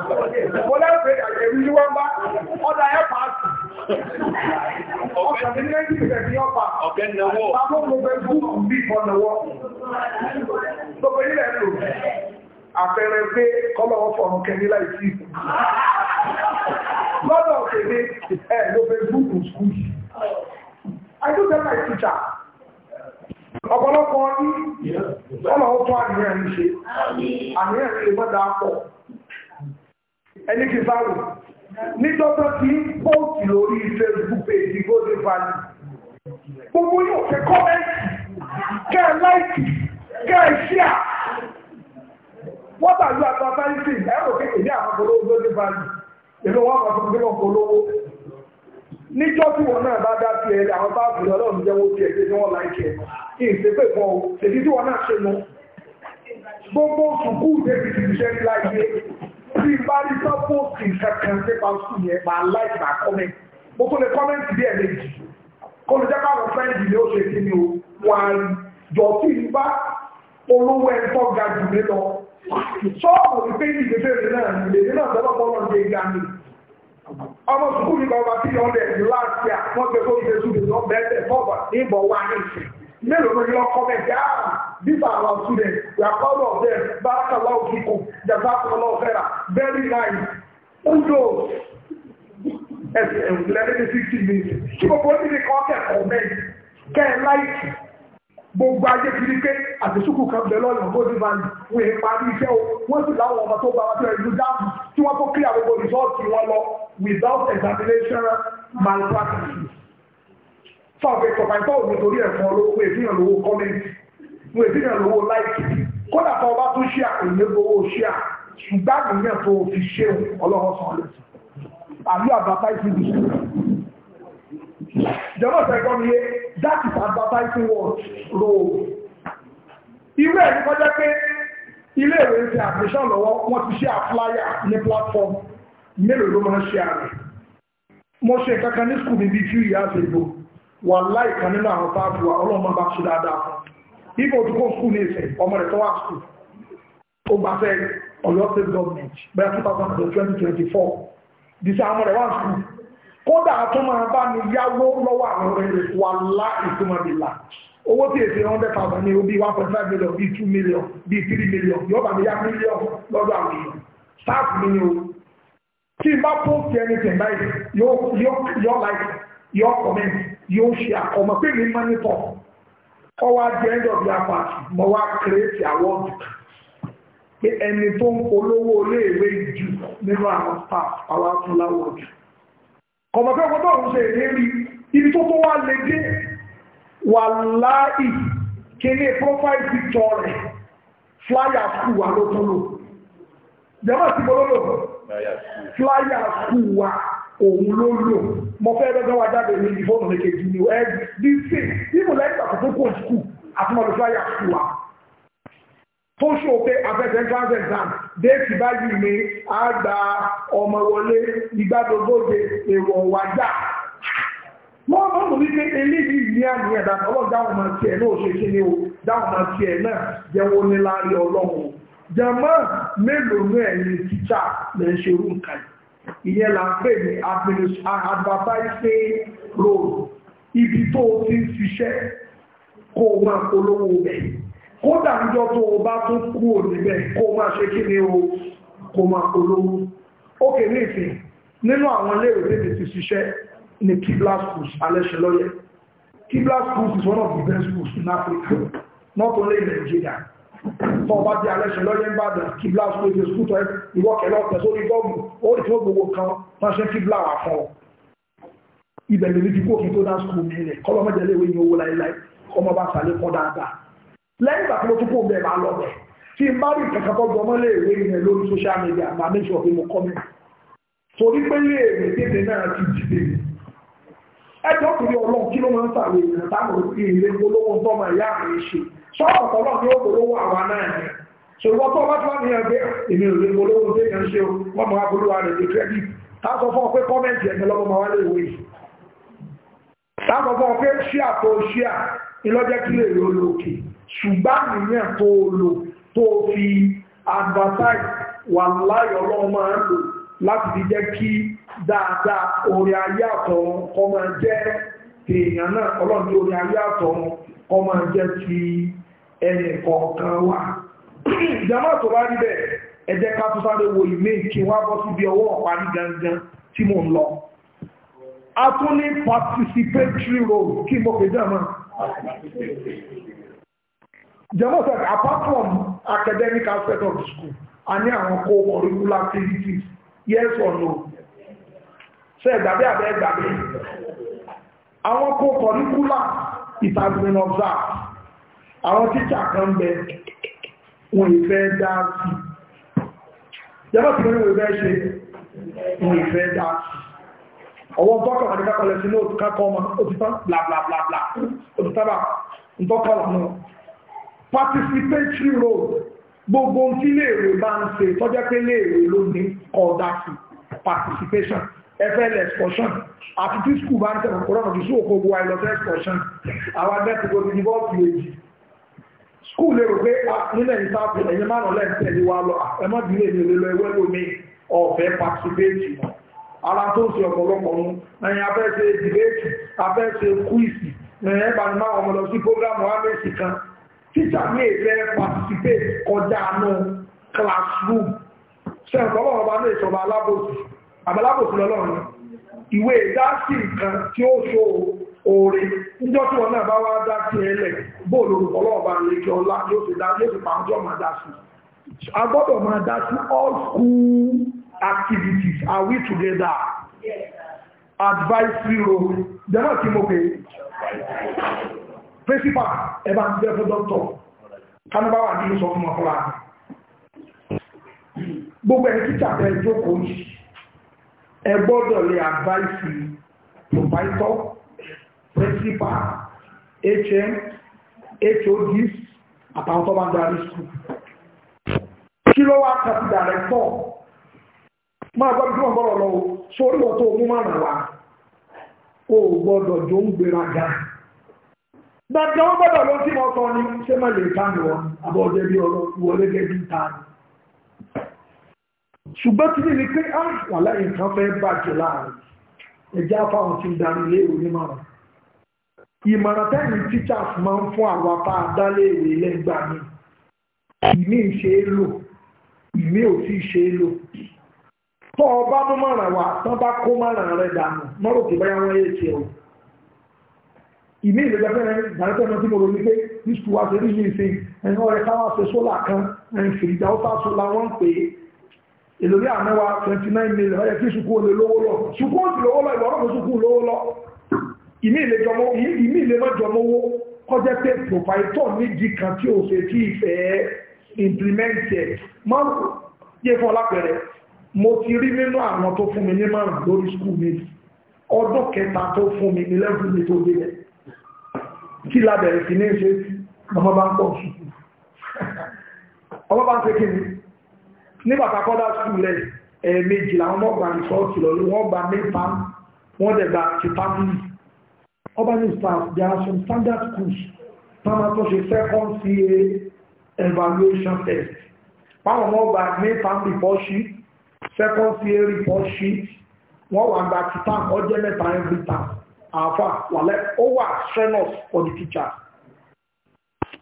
Mo lẹ́pẹ̀ ẹ̀rí ní wọ́n bá, ọ̀dà ẹ̀ pàásì. Ọ̀kẹ́ ní méjì fẹ̀ ní ọ̀pá. Ọ̀kẹ́ náwó. Bàbá mo fẹ́ jù bí ìfọ̀nàwọ́. Gbogbo ilẹ̀ lò. Àpẹẹrẹ pé kọ́lọ́wọ́ fọ̀rùn kẹ́ni láì sí ìkù. Lọ́dọ̀ kèmí ẹ̀ ló fẹ́ jù kù skúù. I do tell my teacher, ọ̀pọ̀lọpọ̀ yí ọ̀nà ọ̀tún àníyàn ń ṣe àníyàn ń ṣe mọ́dá pọ̀ ẹni kí sáàrù nígbọ́tọ́ tí pọ́ọ̀tì lórí Facebook page Golden Valley gbogbo yóò fẹ́ kọ́mẹ́ntì kẹ́ ẹ láìkì kẹ́ ẹ ṣíà wọ́n bá yọ àgbà báyìí sí ẹ̀rọ kékeré àwọn olówó Golden Valley èlò wọn àwọn olówó níjọ́ tí wọn náà bá dá sí ẹ àwọn bá bùrọ̀ ọlọ́run jẹ́ wọ́n ti ẹ̀gbẹ́ tí wọ́n láìkẹ́ kí n ṣe pé fún ọ tèmi tí wọn náà ṣe mọ́ gbogbo sùkú david iṣẹ́ láyé tí bá rí sọ́pọ̀tì kankan nípa sùn yẹn máa láì máa kọ́mẹ́ mo tó lè kọ́mẹ́ntì bí ẹ̀mẹ́jì kó lè jẹ́ káwọn fẹ́ǹdì ni ó ṣe kí ni o wọn á rí dọ̀tí bá olówó ẹ̀tọ́ ga jù mí lọ sọ́ọ̀bù pé ìgbésẹ̀ náà ọmọ sùkúù ní ọba tí yọ ọdẹ ní láti à wọn gbé tó gbé sùkúù tó bẹ́ẹ̀ bẹ́ẹ̀ fọwọ́ ní ìbọ̀ wá ní ìsìn mélòó these are our students we are proud of them baraka law kiko jazakumala ofera very nice kudos ẹsẹ ẹwùn lẹ́ni ní sixty minutes kí gbogbo ní kọ́ kẹ́kọ̀ọ́ mẹ́rin kẹ́ ẹ gbogbo ayé kiri pé àtẹ̀sùkù kan bẹ̀ lọ́yọ̀ golden valley wọ́n èé parí iṣẹ́ o wọ́n sì láwọn ọmọ tó gba wọn tó ẹ̀ lù dáàbò tí wọ́n tó kílẹ̀ àgbogbo rìsọ́ọ̀tì wọn lọ without examination malpractice. fáwọn ìtọ̀pá ìtọ́ òní torí ẹ̀fọn olówó èdèyàn lówó kọ́mẹ́ntì wọ́n èdèyàn lówó láìkì kódà kan ọba tó ṣíà kò ní gbowó ṣíà ṣùgbọ́n àgbẹ̀yàn tó fi ṣe ọlọ́run sàn lẹ́sìn àlú àbátáìsì ìjọba ìfẹ́kọ́ mi yé that is advertising world role irú ẹ̀ ní kọjá pé ilé ìwé ń ṣe admission lọ́wọ́ wọ́n ti ṣe àfúláyà ní platform mélòó ló máa ń ṣe àrẹ mo ṣe kankan ní skul mi bíi few years ago wà láì kan nínú àwọn táàbù wa ọlọ́mọ bá ṣe dáadáa fún ibo tó kó skul ní ìfẹ́ ọmọ rẹ̀ tó wà skul ó gbà fẹ́ Ọ̀yọ́ state government bẹ́ẹ̀ two thousand and twenty twenty four disa ọmọ rẹ̀ wà skul kódà tó máa bá mi yáwó lọ́wọ́ àwọn rere wà lá ìtumọ̀dìlà owó tí èsì hundred thousand ní obi one point five million bíi two million bíi three million yóò bá mi yá million lọ́dọ̀ àwọn èèyàn staff mi ni o tí n bá post anything báyìí your your your like your comment your share ọmọ pé mi máa ní tọ̀ ọwọ́ at the end of their party mo wá create award pé ẹni tó ń polówó iléèwé jù nínú àwọn staff àwọn atúnláwọ̀ jù kọ̀mọ̀fẹ́ ọgbọ́n tó ń ṣe ìrírí ibi tó tó wá lè dé wà láì kéde profile flyer school wà ló tún sí mo flyer school wà òun ló lò mo fẹ́ lọ́jọ́ wa jáde ní ìfọ́nù méjèèjì ni ẹ́ dísè ìmùlẹ̀ ìgbà tó tó kò school àti mo flyer school tó ṣò pé afẹ́fẹ́ class exam déètì báyìí ni a gba ọmọ wọlé igbádogóde èrò wájà wọ́n mọ̀ mọ̀ wípé eléyìí ní àmì ẹ̀dà ọlọ́ dáhùn máa tiẹ̀ náà ṣe kí ni o dáhùn máa tiẹ̀ náà jẹ́wọ́ ní láàrin ọlọ́run jẹ́mọ́ mélòó ní ẹ̀yìn títà lè ń ṣerú nǹkan ìyẹn là ń pè ní advertising role ibi tó o ti ń ṣiṣẹ́ kó o máa polówó bẹ́ẹ̀ kódà níjọ́ tó o bá tún kú ò níbẹ̀ kó máa ṣe kí ni o kó máa polówó ókè ní ìsìn nínú àwọn iléèwé tèmi ti ṣiṣẹ́ ní kibla schools alẹ́ṣẹ́ lọ́yẹ̀ kibla schools is one of the best schools in Africa not only in Nigeria tó ọba di alẹ́ṣẹ́ lọ́yẹ̀ ń bàdàn kibla schools is a school tó ẹ ìwọ́kẹ̀ lọ́tẹ̀ sórí gọ́ọ̀mù ó rí tó gbogbo kan wọ́n ṣe kibla wà fún ọ ibẹ̀ lè ní ti kó kí tó dá school mi rẹ̀ kọ́lọ́mọ́jẹ́lẹ́wé ní owó láéláé ọmọ bá sàlékọ́ dáadáa lẹ́yìn ìgbà tí mo tún kó bẹ́ẹ̀ máa lọ bẹ̀ tí n bá rí kankan tó gbọmọ léèwé yẹn lórí social media máa make sure pé mo kọ́ mi torí pé léèwé tètè náà ti dìde ẹjọ́ kiri ọlọ́run kí ló máa ń sàrò èèyàn táwọn òbí ilé olówó tọ́mọ ìyá mi ṣe sọ́ọ̀tọ̀ tọ́lọ́ ni ó polówó àwa náà ni ṣòwò tó bá tọ́lọ́ nìyẹn pé èmi ò lè polówó téèyàn ṣe wọ́n máa polówó rẹ̀ ní credit táwọn fọ́ pé kọ́mẹ̀ntì ẹ̀mí lọ́mọ máa wá léèwé yìí táwọn fọ́ pé ṣíà tó ṣíà ìlọ́jẹ́ kí lè rí olókè ṣùgbọ́n nìyẹn tó lò tó fi advertise wà láyọ̀ lọ́wọ́ máa ń lò láti fi jẹ́ kí dáadáa orí ayé àtọ̀run kọ́ máa jẹ́ èèyàn náà ọlọ́run ní orí ayé àtọ̀run kọ́ máa jẹ́ ti ẹnì kọ̀ọ̀kan wa. ìjàmbá tó bá rí bẹ́ẹ̀ ẹ jẹ́ ká tún sáré wo ìmé kí wọ́n bọ́ síbi ọwọ́ ọ̀parí gangan tí mò ń lọ. a tún ní participatory role kí mo pè jẹ́ Jẹ́mọ́ sọ apart from academic aspect of the school, a ní àwọn co-curricular activities, yes or no? Say ẹ̀gbàgbé àbẹ́ ẹ̀gbàgbé? Àwọn co-curricular it has been observed. Our teacher kan bẹ wọn ìfẹ́ dá sí. Jẹ́mọ́ sí wọn ìfẹ́ ṣe wọn ìfẹ́ dá sí. Ọwọ́ tọ́kọ̀ àti kákọlẹ̀ sí ní òtúkákọ́ ọmọ òtútá blablabla òtútá bá ń tọ́kọ̀ ọ̀nà participatory role gbogbo tí léèrè bá ń ṣe tọ́jẹ́ pé léèrè ló ní ọ̀dà participation fl excursion àti tí skul bá ń tẹ̀wọ̀n kọ́rọ̀ ọ̀dù sí òkú ogun àìlọ́sẹ̀ excursion àwọn abẹ́tù tó ti bọ́ sí èjì skul lérò pé ah, nílẹ̀ ní sáàpù ẹ̀yẹ máa lọ́lẹ̀ ń tẹ̀lé wa lọ ah, ẹmọ́dúnlé ní olè lọ ẹwẹ́ lómi ọ̀fẹ́ participate ara tó ń ṣe ọ̀pọ̀lọpọ̀ mú ẹ̀yìn abẹ́ ṣe debate abẹ́ ṣe kúìsì ẹ̀yìn ẹ̀bà ní máa ọmọ lọ sí prógrámù amẹ́sì kan tíṣà ní èlẹ́ participate kọjá classroom sẹ́ǹtọ́ ọlọ́run bá ní ìṣọba alábòsí àbálábòsí lọ́lọ́run ìwé ìdá nǹkan tí ó ṣó oore níjọ́ tí wọn náà bá wá ẹlẹ̀ bóòlù all school activities are we principal ẹ̀bá ti jẹ́ fún dọ́tọ̀ káníbá wà ní sọ fún ọkùnrin àti gbogbo ẹni títà tẹ jókòó yìí ẹ lè advice provider principal hm hods àtàwọn tó bá ń darí school kí ló wá kàtí director máa gbọ́dọ̀ tí wọ́n gbọ́dọ̀ lọ sórí ọ̀tọ̀ òmú márùn-ún wa ó gbọ́dọ̀ jó ń gbéra gan-an Gbàgbà wọ́n gbọ́dọ̀ ló tí wọ́n kọ́ ní ṣé mọ̀ lè ká ní wọn, àbọ̀ ọjọ́ bí ọ̀rọ̀ ìwọlé gẹ́gẹ́ ń ta ni. Ṣùgbọ́n tí ní ni pé á ah, wà láyé nǹkan fẹ́ bàjẹ́ láàrin. Ẹjẹ́ afáwọn ti ń darí ilé ìwé nímọ̀ràn. Ìmọ̀ràn tẹ́yìn teachers máa ń fún àwa tá a dá lé ìwé lẹ́gbà mi. Ìmí ìṣe é lò, ìmí ò tí ì ṣe é lò. Tọ́ ọ bá mú mọ̀ràn wà, tán bá kó mọ̀ràn rẹ̀ dànù, mọ́rò ìmí ìlú jẹ́fẹ́rẹ́ ìdánilẹ́fẹ́ tí mo rò ní pé ìsù wa ṣe rí ní ìṣe ẹ̀yìn ọ̀rẹ́ káwà ṣe sólà kan ẹ̀yìn fìdíjà ó tà sólà wọ́n pè é èlò ní àmẹ́wà 29 million ọ̀yẹ́ kí sùkú olè lówó lọ sùkú olè lówó lọ ìwọ̀n ọ̀rọ̀ sùkú lówó lọ ìmí ìlé mọ́jọmọ́wó kọjẹ́ pé proprietor méjì kan tí ó ṣe tí ìfẹ́ implemented máa yẹ fún ọlápẹ̀rẹ̀ mo ti rí nínú àwọn tó fún mi ní márùn lórí sùkú ọdún kẹta tó fún mi ní lẹ́gùn mi tó délẹ̀ kí lábẹ̀rẹ̀ kì ní ṣe ọmọ bá ń pọ̀ ṣùkú ọmọ bá ń ṣe kí ni nígbàtà kọ́dá ṣùlẹ̀ ẹ̀ẹ̀mejì làwọn ọmọ gba ìṣọ́ọ̀tì lọ wọ́n gba mẹ́ta wọ́n dẹ̀ gba tìpábìlì there are some standard schools tọ́nà tó second CA evaluation test báwọn ọmọ gba mẹ́ta report sheet second CA report sheet wọ́n wà gba tìpá ọjẹ́ mẹ́ta every Afa wàlẹ́ ó wà strenuous for the teacher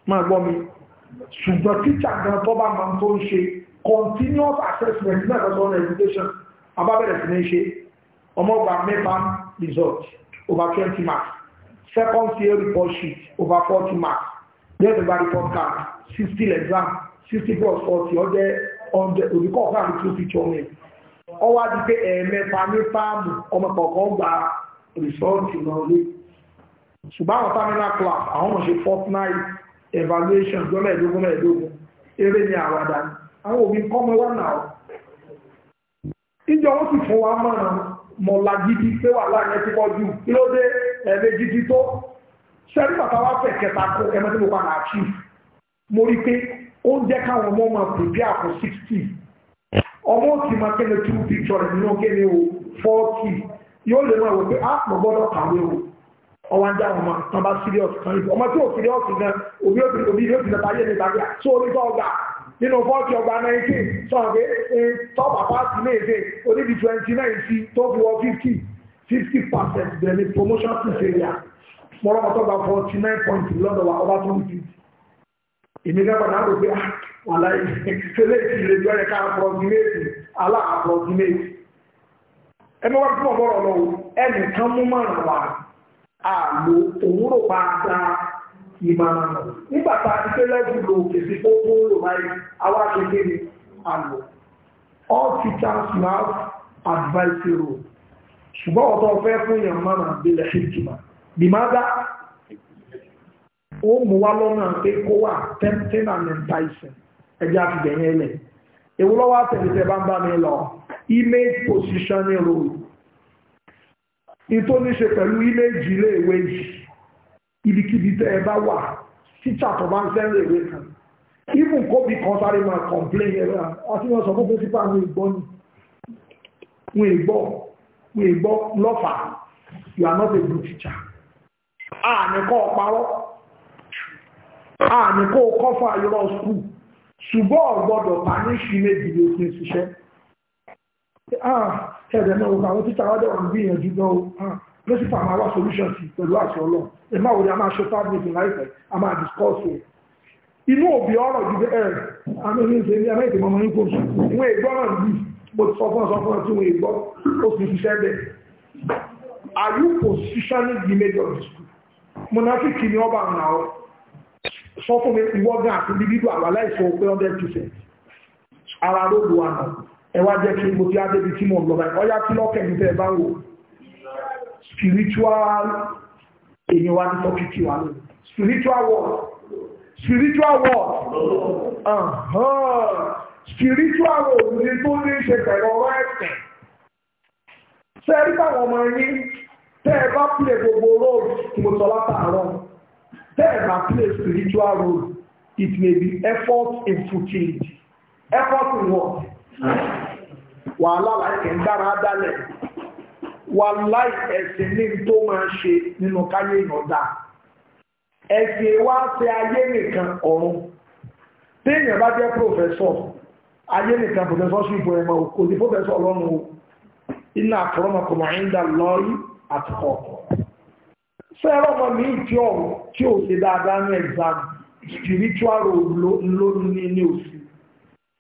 máa gbọ́ mi ṣùgbọ́n teacher gan tó bá máa tó ń ṣe continuous assessment ní ẹ̀kọ́ sọ́nà education abábẹ̀rẹ̀ sí ní ṣe ọmọ ọgbà mẹ́ta result over twenty marks second year report sheet over forty marks then the report card sixty exam sixty plus forty ọjọ́ ọjọ́ olùkọ́ ọ̀gá àti two picture mi ọwọ́ àti pé ẹ̀ẹ̀mẹ́ta ní fáàmù ọmọ kọ̀ọ̀kan gbà á rìsọ́ọ̀tì náà lé ṣùgbọ́n àwọn terminal class àwọn ọmọ ṣe fortnight evaluation jọ́lẹ̀ ìdógún mẹ́ẹ̀ẹ́dógún eré ní àwàdà ni àwọn òbí kọ́mọ wà náà ìjọ wọn sì fún wa mọ̀nà mọ̀lá gidi pé wà láàrin ẹtí pọ̀ jù kí ló dé ẹ̀ẹ́dẹ́jì ti tó ṣẹ́rí bàtà wá fẹ̀ kẹta kó ẹmọ́ tí mo pa náà chief mo rí pé ó ń jẹ́ káwọn ọmọ ọmọ prepare for sixty ọmọ òsì máa kéde two picture nínú kéde o forty yóò lè máa wọ pé a ah, mọ̀ gbọ́dọ̀ kàwé o ọwọ́ ajá ọmọ tán bá serious kan ìbò ọmọ tí ò serious gan òbí òbí òbí yóò fi nàbàyè ní ìtàgé tó orí tó ọgbà nínú fọ́ọ̀kì ọgbà 19 sọ̀rọ̀ pé eh, top apart méje oníbi 29 sí tó fi wọ 50 50 percent bẹ̀rẹ̀ ní promotion to failure mọ̀rọ̀ mọ̀tọ́ gba 49 point lọ́dọ̀ wa ọba tó ń fi èmi gẹ́gbọ́n náà rò pé wàlá ìfẹ́lẹ́ ìfìlẹ̀ jọ́ ẹ̀ka approximate ẹni wá fún ọ̀bọ̀rọ̀ lọ ẹnì kan mú márùn wá àlò òwúrò pàápàá ìmọ̀ràn lọ nígbà tá a ti pé lẹ́gùn lò òkè sí pópó lò báyìí àwa ti gbé ni àlò all teachers now advice rule ṣùgbọ́n ọ̀tọ̀ fẹ́ fún èèyàn márùn àbílẹ̀ ṣèjìmá bìmádà ó mú wá lọ́nà pé kó wà tempting and enticing ẹjẹ́ àfìgbẹ̀yìn ẹlẹ̀ èwo lọ́wọ́ àtẹ̀lẹ́tẹ̀ bá ń bá mi lọ image positioning role ìtò ní ṣe pẹ̀lú iléèjì iléèwé yìí ibikíbi tẹ́ ẹ bá wà títà tó bá ń sẹ́rẹ̀ ìwé kan even kóbi kan sáré máa complain ẹ̀rọ àti wọ́n sọ fún principal àwọn ìgbọ́ ni wọ́n ìgbọ́ wọ́n ìgbọ́ lọ́fà you are not a good teacher àníkọ́ parọ́ àníkọ́ kọ́fà yọrọ school ṣùgbọ́n ọ̀gbọ́dọ̀ pàníṣì méjì ló fi ṣiṣẹ́ Ah, ẹ̀rẹ̀ náà àwọn títà wádẹ̀ wà ń gbìyànjú náà ah, lọ́sífà máa wá solution sí pẹ̀lú àti ọlọ́ ẹ̀má òde a máa ṣe third meeting láìpẹ́ a máa discuss it inú òbí ọ̀rọ̀ ju ẹ̀rẹ̀ àmì ìṣe ní ẹ̀mẹ́ ìtìmọ̀ ọmọ yípo wọn ègbọ́ náà bí mo ti sọ fún ọsọ fún ọ tí wọn ègbọ́ ó sì ṣiṣẹ́ bẹ́ẹ̀ are you positioning the image of the school monafiki ni ọba àwọn àwọn sọ fún mi ìwọ́gán àti bíbí àwàláìsọ pé hundred percent ara ẹ wá jẹ́ kí n gbòtí adébi tí mo ń lọ tí lọ́kẹ̀ ní tẹ́ bá wò spiritual èyí wá ní tọ́kìtì wà lónìí spiritual world spiritual world spiritual world ní tó ní ṣe pẹ̀lú ọ̀rọ̀ ẹ̀sìn ṣe rí báwọn ọmọ yín tẹ́ ẹ bá play gbogbo road tí mo sọ látàárọ̀ tẹ́ bá play spiritual road it may be effort in futility effort in what? wàhálà láìkì ń dára dálẹ̀ wà láì ẹ̀sìn ní tó máa ṣe nínú káyé ìyọ̀dá ẹ̀sìn wá ṣe ayé nìkan ọ̀run téèyàn bá jẹ́ pòfẹ́sọ̀ ayé nìkan pòfẹ́sọ̀ṣìp ẹ̀mọ̀ kò sí pòfẹ́sọ̀ ọlọ́run o iná àkọ́rọ́mọkọ̀mọ̀ àyíndà lọ́rí àtọ̀kọ̀ fẹ́rọ̀ ọmọ mi tí ọ̀run tí ò ṣe dáadáa ní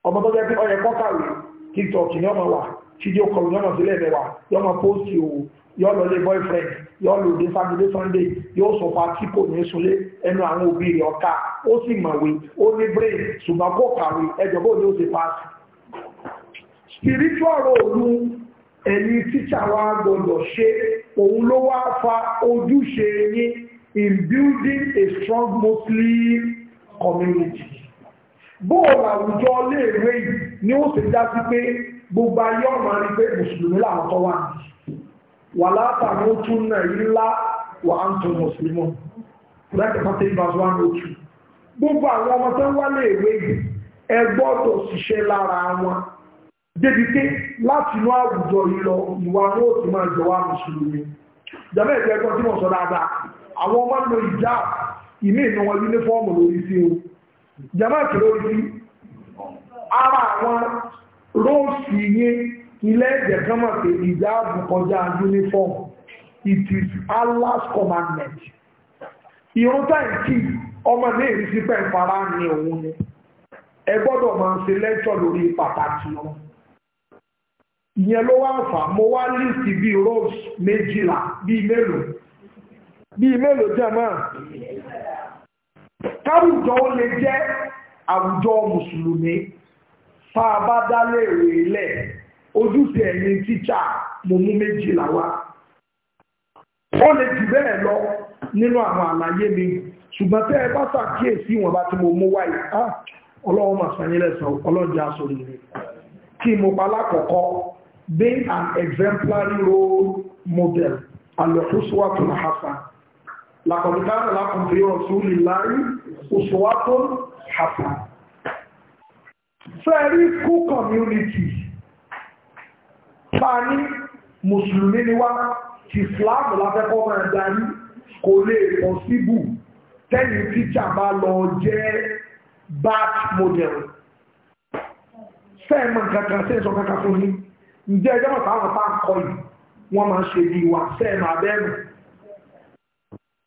ọmọ tó jẹ́ pé ọyẹ kọ́kàwé tiktok ni ọmọ wà fídíò kọlù yọmọ sílẹ̀ mẹ́wàá yọmọ póòsì o yọ lọ lé boyfriend yọ lò dé sátidé sunday yóò sọ fún àti kò ní sunlé ẹnu àwọn òbí rẹ̀ ọ̀ka ó sì mọ̀wé ó ní brain ṣùgbọ́n kò kàwé ẹjọ́ bó ni ó ti pass. spiritual role ẹni tíṣà wa gbọdọ̀ ṣe òun ló wá fa ojúṣe yín in building a strong muslim community bóòlù àwùjọ léèrè yìí ni ó sì já sí pé gbogbo ayé ọ̀nà rí pé mùsùlùmí làwọn tó wà ní wà látàrí ó tún náà yìí ńlá wà á ń tún mùsùlùmí lẹ́kẹ̀ẹ́ pàtẹ́ ìbáṣọ́ àmì òtù gbogbo àwọn ọmọ tó ń wá léèrè yìí ẹ gbọ́dọ̀ ṣiṣẹ́ lára wọn débi pé láti inú àwùjọ yìí lọ ìwà ní ó ti máa jọ wá mùsùlùmí ìjọba ìjọ ẹgbẹ́ tí wọ́n sọ dáadáa àwọn ọmọ lórí jama kí ló rí ara àwọn róòsì yẹn ilé ẹ̀jẹ̀ kan mọ̀ pé ìjáàbù kọjá uniform it is Allah's commandment irun táyì kí ọmọ ní ìrísí pẹ̀fara ni òun ni ẹ gbọ́dọ̀ máa ṣe lẹ́tọ̀ lórí pàtàkì wọn ìyẹn ló wá fà mo wá líìsì bíi rose méjìlá bíi mélòó bíi mélòó jẹ́ náà káwùjọ ó lè jẹ́ àwùjọ mùsùlùmí fa bá dálé èrè ilẹ̀ ojúṣe ẹ̀yin tíṣà mo mú méjìlá wá ó lè jù bẹ́ẹ̀ lọ nínú àwọn àlàyé mi ṣùgbọ́n tẹ́ ẹ bá ṣàkíyèsí wọn bá ti mo mú wáyé ah, ọlọ́run mà sàyẹ́lẹ̀sàn ọlọ́jà sọ̀rọ̀ rẹ̀ kí mo pa lákọ̀ọ́kọ́ being an exemplary role model alẹ́kùsùwàtún hasan lakọ̀dùkánà lákùnfẹ́ ọ̀súlì lárí òṣùwátó hàpá fẹ́rí kú community bá ní mùsùlùmí ni wá ti Islam láfẹ́kọ́ máa darí kò lè pọ̀síbù tẹ́yìn tíjà bá lọ jẹ́ bat model fẹ́ẹ̀mọ̀ kankan sí ìsọ kankan fún yín ǹjẹ́ ẹjọ́ mọ̀ táwọn tá a kọ yìí wọ́n máa ṣe bí wà fẹ́ẹ̀mọ̀ abẹ́rù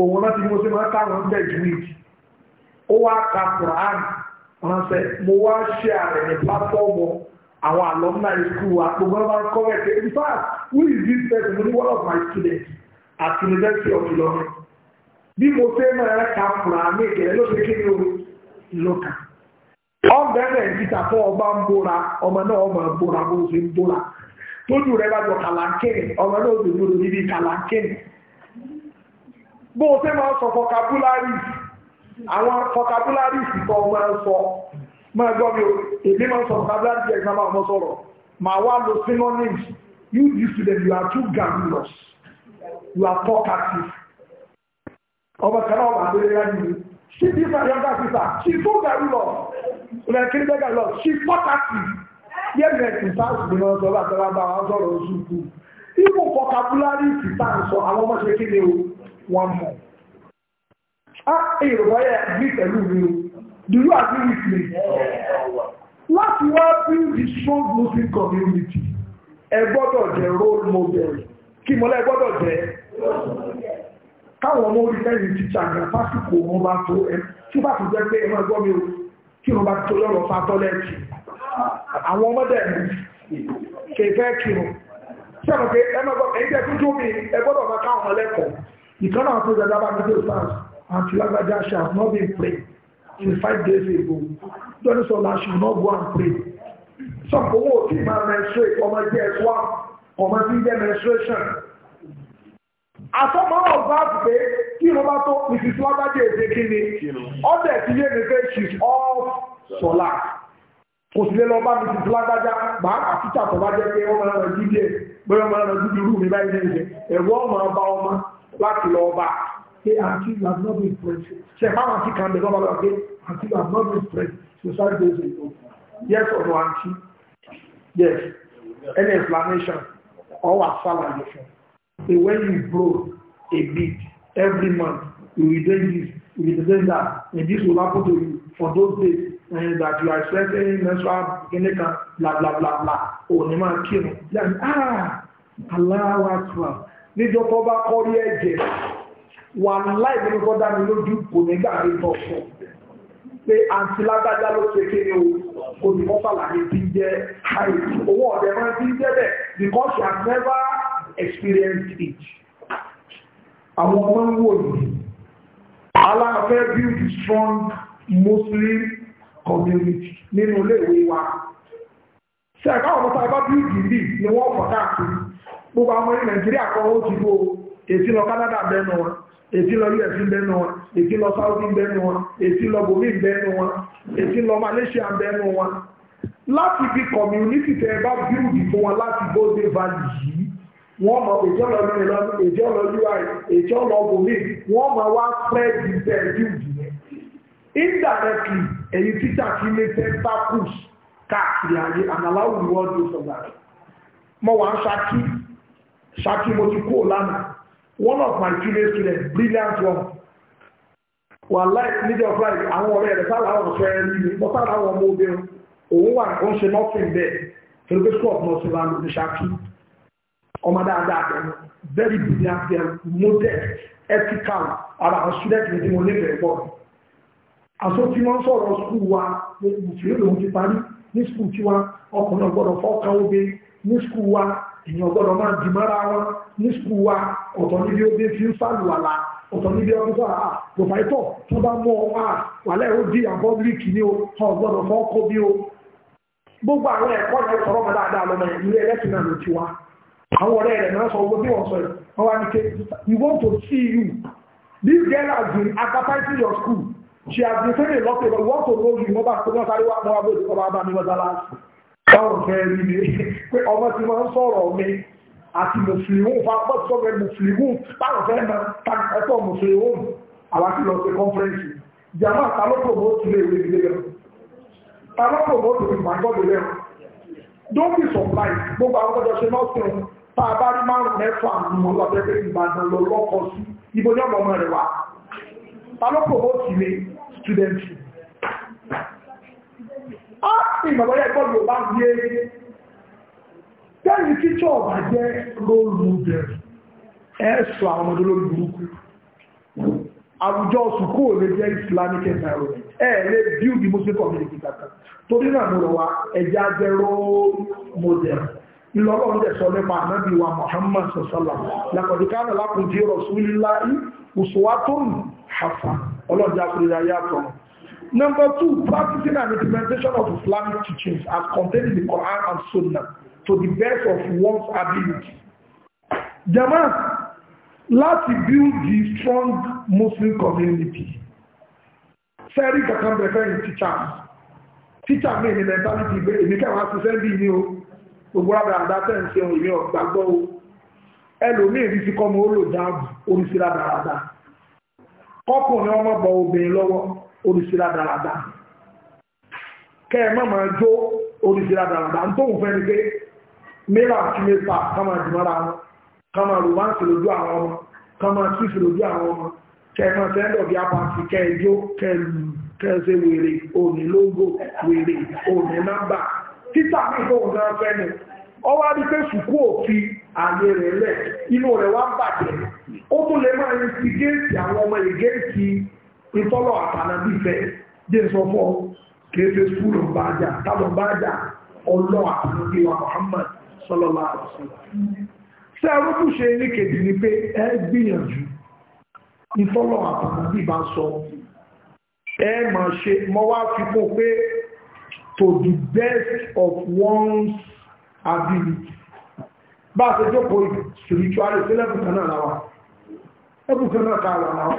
òun láti bí mo máa káwọn bẹ̀ ju ó wá ka Quran ránṣẹ́ mo wá ṣe ààrẹ ní pátọ́ọ̀mù àwọn alumni school wa gbogbo in fact who is one of my students at University of Ilorin bí mo ṣe máa ka Quran ní ló ṣe ọ̀bẹ̀rẹ̀ fún ọba ń bóra ọmọ náà ọmọ ń bóra bó ṣe ń bóra tójú rẹ bá bó o ṣe máa sọ vocabularies àwọn vocabularies tó máa ń sọ máa gbọ́ mi o èmi máa ń sọ vocabularies yẹn sábà mọ́ sọ̀rọ̀ màá wá lo synonyms you this student you are too garrulous you are talkative ọmọ kan náà wà lórí ẹ̀yà yìí she is my younger sister she is so garrulous ọ̀nà kiri bẹ́ẹ̀ garrulous she is talkative yẹ́n mi ẹ̀sìn sáàsì ni wọ́n sọ bá tẹ́lá bá wọn sọ̀rọ̀ oṣù kù ibò vocabularies tá à ń sọ àwọn ọmọ ṣe kí ni o one month. Ah, Yorùbá yẹ bí pẹ̀lú mi o, do you agree with me? Láti wá build the strong Muslim community, ẹ gbọ́dọ̀ jẹ́ role model. Kí mọ́lá ẹ gbọ́dọ̀ jẹ́? Káwọn ọmọ orí fẹ́yìn tíṣà ní àpásìkò wọn bá tó ẹ, tí bá ti jẹ́ pé ẹmọ ẹgbọ́n mi o, kí wọn bá tó lọ́rọ̀ fa tọ́lẹ́ẹ̀tì. Àwọn ọmọdé mi kì í fẹ́ kírun. Ṣé àwọn ẹgbẹ́ tó tó mi ẹ gbọ́dọ̀ máa káwọn ọmọ lẹ́kọ̀ọ́? You ìkọ́nà àwọn tó jẹ́ ní pastors àti lágbàjá ṣe has not been praying since five days ago lọ́dún sọ she ṣe not go and pray Some people owó tí máa menstruate ọmọ ẹgbẹ́ ẹ̀kọ́ ọmọ tí ń jẹ́ menstruation àtọ́mọ́ ọ̀gá pé kí ló bá tó mrs lágbàjá èdè kí ni ọ̀dẹ̀ ti yé mi pé she is all solar kò sí lé lọ bá mrs lágbàjá gbà àtúntà tó bá jẹ́ pé ọmọ ẹran jíjẹ pé ọmọ ẹran jíjẹ rú mi báyìí ẹ̀rọ ọmọ ọba ọmọ láti lọ ọba pé àǹtí you have not been present ṣe fáwọn àǹtí kan bẹ lọ́wọ́ lọ́wọ́ pé àǹtí you have not been present society days ago yes or no àǹtí yes any explanation all wà sálàyé fún pé when you grow a bit every month you will this you will that and this will happen to you for those days and that you are expecting menstrual kìnnì kan bla bla bla bla òní máa Ah, Allah ah aláwàtúwàá níjọ́ tó bá kọ́rí ẹ̀jẹ̀ wà láì nínú tó dá mi lójú kò ní gbà mí tọ̀ fún pé àǹtí lágbájá ló ṣe kéré o kò ní wọ́n fàlàyé tí ń jẹ́ àìsí owó ọ̀dẹ̀ máa ti ń jẹ́ because she has never experienced it. àwọn ọmọ ń wò ní aláàfẹ́ build strong Muslim community nínú iléèwé wa ṣe àkáwọn ọmọ tá a bá build yìí ni wọ́n fọ̀ káàkiri gbogbo àwọn ní nàìjíríà kọ́ ó ti bó èsì lọ Canada bẹ́nu wọn èsì lọ us bẹ́nu wọn èsì lọ Saudi bẹ́nu wọn èsì lọ bomi bẹ́nu wọn èsì lọ Malaysia bẹ́nu wọn láti fi community tẹ bá bíúdì fún wọn láti gbóde valley yìí wọ́n mọ èjọ́ lọ ní ìlọ́nù èjọ́ lọ ui èjọ́ lọ bomi wọ́n mọ wá spread the bíúdì yẹn indirectly èyí títà kí ní tentacles káàkiri ayé and allow the world to survive mo wà ń ṣakí Ṣakí mo ti one of my female students brilliant one wà láì nídìí ọ̀pá yìí àwọn ọ̀rẹ́ rẹ̀ sáà láwọn ọ̀sẹ̀ ẹ̀ nílé mo sáà láwọn ọmọ obìnrin òun wà ó ń ṣe nothing So tẹ̀lé school of nursing lánàá ní Ṣakí ọmọ dáadáa dad, very brilliant girl modest ethical ara àwọn student mi tí mo nífẹ̀ẹ́ pọ̀ àṣọ tí wọ́n sọ̀rọ̀ school wa We fi lóun ti parí ní school tiwa ọkùnrin ọgbọ́dọ̀ fọ́ọ̀kan obìnrin ní school wa èèyàn gbọ́dọ̀ máa jì mọ́ra wọn ní skul wa ọ̀tọ̀ níbi ó dé fi ń sàlùwàlà ọ̀tọ̀ níbi ọdún sọ àà pòfáìtọ̀ tó bá mú ọ wá ah, wàlẹ́ ó di àbọ́bílíkì ní o ọ̀ fọ́ kó bí o gbogbo àwọn ẹ̀kọ́ yẹn sọ̀rọ̀ mọ́ dáadáa lọ́mọ ìlú ẹlẹ́sìn náà ló ti wá àwọn ọ̀rẹ́ rẹ̀ náà sọ owó bí wọ́n sọ yìí wá ní ké we want to see you this girl has been advertising your school she has been saying a lot of we want to know you wọ́n bá tó wọ́n sáré wá mọ́ wá bó káwọn fẹ́ rí mi pé ọmọ ti máa ń sọ̀rọ̀ mi àti mùsùlùmí fapọ̀ tó fẹ́ mùsùlùmí táwọn fẹ́ na ẹ̀tọ́ mùsùlùmí àwọn ti lọ sí kọ́nfẹ́rẹ́nsì jama talo promote ilé ìwé ìdílé rẹ talo promote ìwé ìgbàgbọ́dọ̀ rẹ don't be surprised gbogbo àwọn ọjọ́ ṣe náà sùn tá a bá rí márùn mẹ́fà mọ́ lọ́dẹ́ pé ìbàdàn lọ lọ́kọ̀ sí ibo ní ọmọ ọmọ rẹ á sì mọ̀ bọ́lá ẹ̀kọ́ yóò bá yé tẹ́lì kíkọ́ ọ̀bà jẹ́ róòlù bẹ̀rù ẹ̀ṣọ́ àwọn ọmọdé lórí burúkú àwùjọ sùkú ò lè jẹ́ islamic environment ẹ̀ lè bíu di muslim community kàkà torí náà mo rọ̀ wá ẹ̀já jẹ́ róòlù model ìlọ́rọ̀ ń dẹ̀sọ nípa ànábì wa Muhammad sọ̀sọ́là lápọ̀dìkánà lápùdí rọ̀ súnlá ìwòsùwátòrùn hafa ọlọ́jà fúnra yàtọ̀ Number two, practicing and implementation of Islamic teachings as contained in the Quran and Sunnah to the best of one's ability. Jama, láti build the strong Muslim community. Sẹ́rí kankan bẹ̀rẹ̀ fẹ́ teachers. Teacher mi ní mentality bẹ́ẹ̀ èmi kẹwàá ti sẹ́ bí ní o. Gbogbo àgbà àdáṣẹ́ ń ṣe òyìn ọ̀gbàgbọ́ o. Ẹlòmíì rí sí kọ́mọ ó lò dáàbò orí sí ládàáda. Kọ́kùnrin ọmọ bọ obìnrin lọ́wọ́ oríṣiríra dáradá kẹ́ ẹ má máa jó oríṣiríra dáradá ń tóun fẹ́ ni pé mìíràn àti mẹ́fà ká máa dì mọ́ra wọn ká máa rò wáǹsì lójú àwọn ọmọ ká máa túfì lójú àwọn ọmọ kẹ́ ẹ máa sẹ́ńdọ̀ bí apáǹsì kẹ́ ẹ jó kẹ́ ẹ lù kẹ́ ẹ ṣe wèrè òní lógo wèrè òní nọ́mbà títà ní ìfowópamọ́ náà fẹ́ ni ọ wá rí pé sùkú òfin ààyè rẹ̀ lẹ̀ inú rẹ̀ wá bàjẹ́ ó tún lè máa ń ti géètì àwọn ọmọ ìgéètì ìtọ́lọ̀ àtànàbí fẹ́ jẹ́ sọ fọ́ kéèfé skúlù bá jà tàbí bá ọlọ́ àtànàbí wa Muhammad sallallahu alaihi wasallam ṣe ẹrùkú ṣe ní kèdì ní pé ẹ gbìyànjú ìtọ́lọ̀ àtànàbí bá sọ ẹ mà ṣe mọ́ wá fi kó pé to the best of one's ability bá a ṣe jókòó spirituality lẹ́bùn kan náà láwà lẹ́bùn kan náà ká wà láwà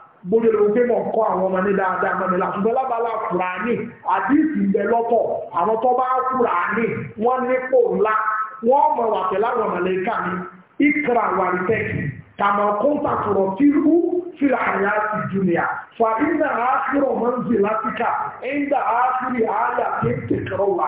gbogbo èrò pé mọ̀ kọ́ àwọn ọmọ ní dáadáa mọ́ mi là ṣùgbọ́n lábala Kùránì àdìsí ìbẹ̀ lọ́tọ̀ àwọn tó bá Kùránì wọ́n nípò ńlá wọ́n mọ̀ wà pẹ̀lú àwọn mọ̀lẹ́kà mi ìkra wàrìtẹ́kì kàmọ̀ kóńtà sọ̀rọ̀ tí ó fi àyà ti jùlẹ̀ fa iná àásìrò mọ́ńsì látìkà ẹ̀ńdà àásìrì àyà tí ń wà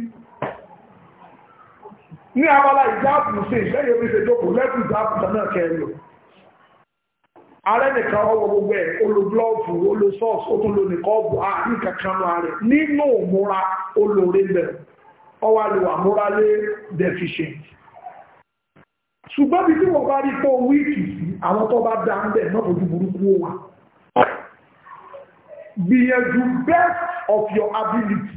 ní abala ìjáàbù sí ìṣẹ́yẹ bí ìṣèjọpọ̀ lẹ́kùn ìjáàbù náà kẹrìnlò ààrẹ ọwọ́ gbogbo ẹ̀ olùblọ́ọ̀fù olùsọ́ọ̀sì ó tún lò nìkan ọ̀bù ààrín kankan náà nínú òmúra olóore bẹ̀ ọwà lè wà múra lé deficient ṣùgbọ́n bí wọ́n bá rí fọ́ wíìkì sí àwọn tó bá dá ń bẹ̀ náà fojú burúkú wà gbìyànjú best of your ability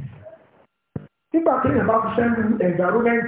nígbà tí èèyàn bá fi sẹ́nu environment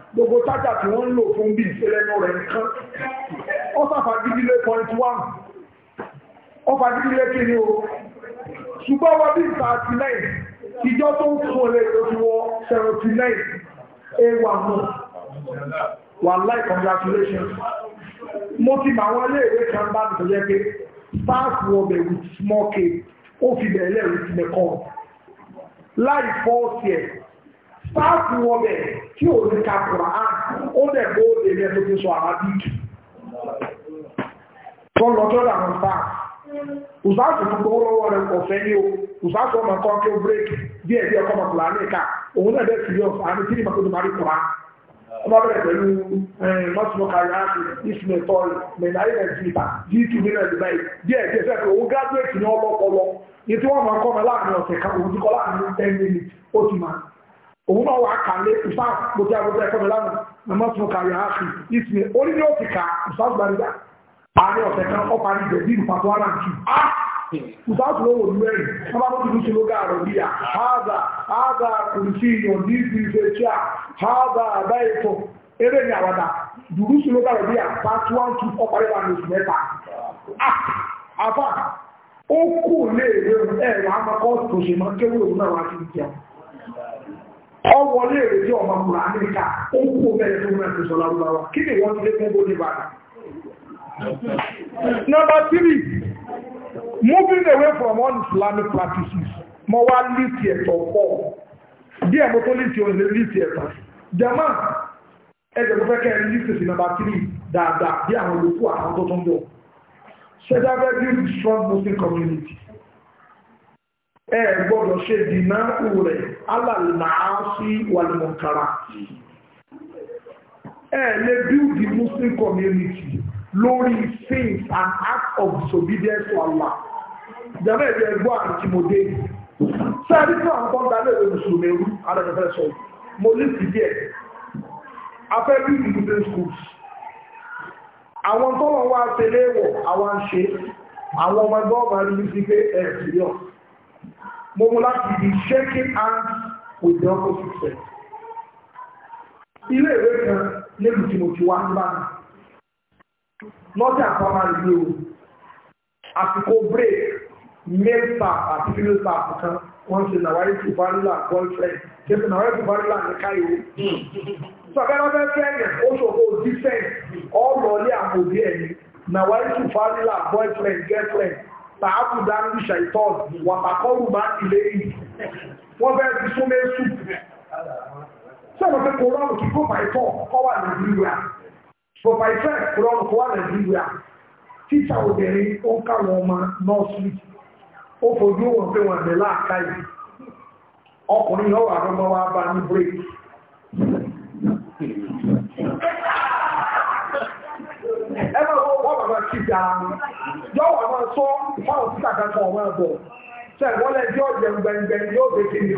gbogbo tájà tí wọ́n ń lò fún bí ìṣẹ́lẹ́nu rẹ̀ nǹkan ó sàfà gidile point one ó fà gidile kiri o ṣùgbọ́n wọ́n bí thirty nine ìjọ tó ń fún ọlẹ́ lórí wọ seventy nine a one náà wà láì congratulations mo ti mà wọ́n léèwé kan bá mi tọ́jẹ́ pé staff wọbẹ̀ with small cake ó fi bẹ̀rẹ̀ lẹ́rìí ti mẹ́kọ́ láì fọ́ọ̀sì ẹ̀ sáàpù wọn bẹ̀ kí ò ní ka Quran ó dẹ̀ bó lè rẹ̀ tó ti sọ Arabic tó lọ tó dà wọn sáà ùsáàtù tó gbowó lọ́wọ́ rẹ̀ ọ̀fẹ́ ní o ùsáàtù ọmọ kan kí ó bírèkì díẹ̀ díẹ̀ kọ́ ọmọkùnrin àmì ìka òun náà dẹ̀ sí yọ̀ àmì tí ìmọ̀ tó ti máa rí Quran ọba bẹ̀rẹ̀ pẹ̀lú mọ́tìmọ́kàrí àti ìsìnlẹ̀ tọ́lù mẹ̀láyé nàìjíríà g2 mílíọ̀nù dubai díẹ̀ díẹ̀ sẹ́kẹ̀ owó graduate ní ọlọ́pọlọ ní tí wọ́n máa kọ́ mi láàrin ọ̀sẹ̀ kan òun ti kọ́ láàrin 10 minutes ó ti máa òun náà wà kà lé ìfá gbogbo agbègbè ẹ̀kọ́ mi lánàá mẹ́mọ́ tún kàrí àáfì ìsìn orí ní òkè ká ìfáàsì gbàgbà àárẹ̀ ọ̀sẹ̀ kan ó parí ìdẹ̀bí ìpàtó ara jù á ìfáàsì ah! lówó ìlú ẹ̀rì wọ́n bá tó ti ṣe lóga àrọ̀ bíyà háàdà háàdà a háàdà àbá ètò eré ní àwàdà ọwọlé èrèdí ọmọ kùrà amẹ́ríkà ó kú bẹ̀rẹ̀ tó mẹ́rin tó sọ́lá rúbáwá kí ni wọ́n ti lé fún bóní bàdà. nọ́mbà tírì moving away from all Islamic practices mo wá líìtì ẹ̀tọ́ pọ̀ díẹ̀ mo tó líìtì ọ̀sẹ̀ líìtì ẹ̀tọ́ jama ẹ̀jẹ̀ mo fẹ́ kẹ́ ẹ̀ líìtì sí nọ́mbà tírì dáadáa bí àwọn olùkú àwọn tó tó ń bọ̀ ṣẹ́jà fẹ́ build strong Muslim community ẹ gbọ́dọ̀ ṣe na a si wàlùmọ̀kàrà ẹ lè build the Muslim community lórí sins and acts of disobedience to Allah jàmbá ẹ̀jẹ̀ ẹgbọ àti mòdé sẹ́ẹ̀dí fún àwọn kan dalẹ̀ ìwé mùsùlùmí ẹrú adájọ́fẹ́ sọ mo lè ti díẹ̀ afẹ́ bí schools àwọn tó wọn wá àwọn mo mú láti di shaking hands with the opposite sex ilé ìwé kan lẹ́nu tí mo ti wá nígbà náà lọ́jà àpamọ́ ìlú o àsìkò break male staff àti female staff kan wọ́n ṣe nàwárí tó barilla boyfriend ṣe fi nàwárí tó barilla ní káyọ̀ hmm. sọ̀kẹ́rọ́fẹ́ fẹ́ẹ̀yàn ó ṣòfò different ọ̀lọ́lé àpòbí ẹ̀mí nàwárí tó barilla boyfriend girlfriend tààkùdá ń ríṣà wàtàkọ́rù bá ilé yìí wọ́n bẹ́ẹ̀ ti súnmọ́ èṣù sọ̀rọ̀ pé kò rọrùn kí kó kọ́ wà nàìjíríà kọ́ wà nàìjíríà obìnrin ó ń ọmọ nọ́ọ̀sì ó fojú wọn pé wọn ìjà yọ̀wọ̀ máa sọ fáwọn títà kankan ọ̀wọ́ àbọ̀ ṣe ìwọ́lẹ̀ tí ó jẹ gbẹngbẹ yóò fi kí ni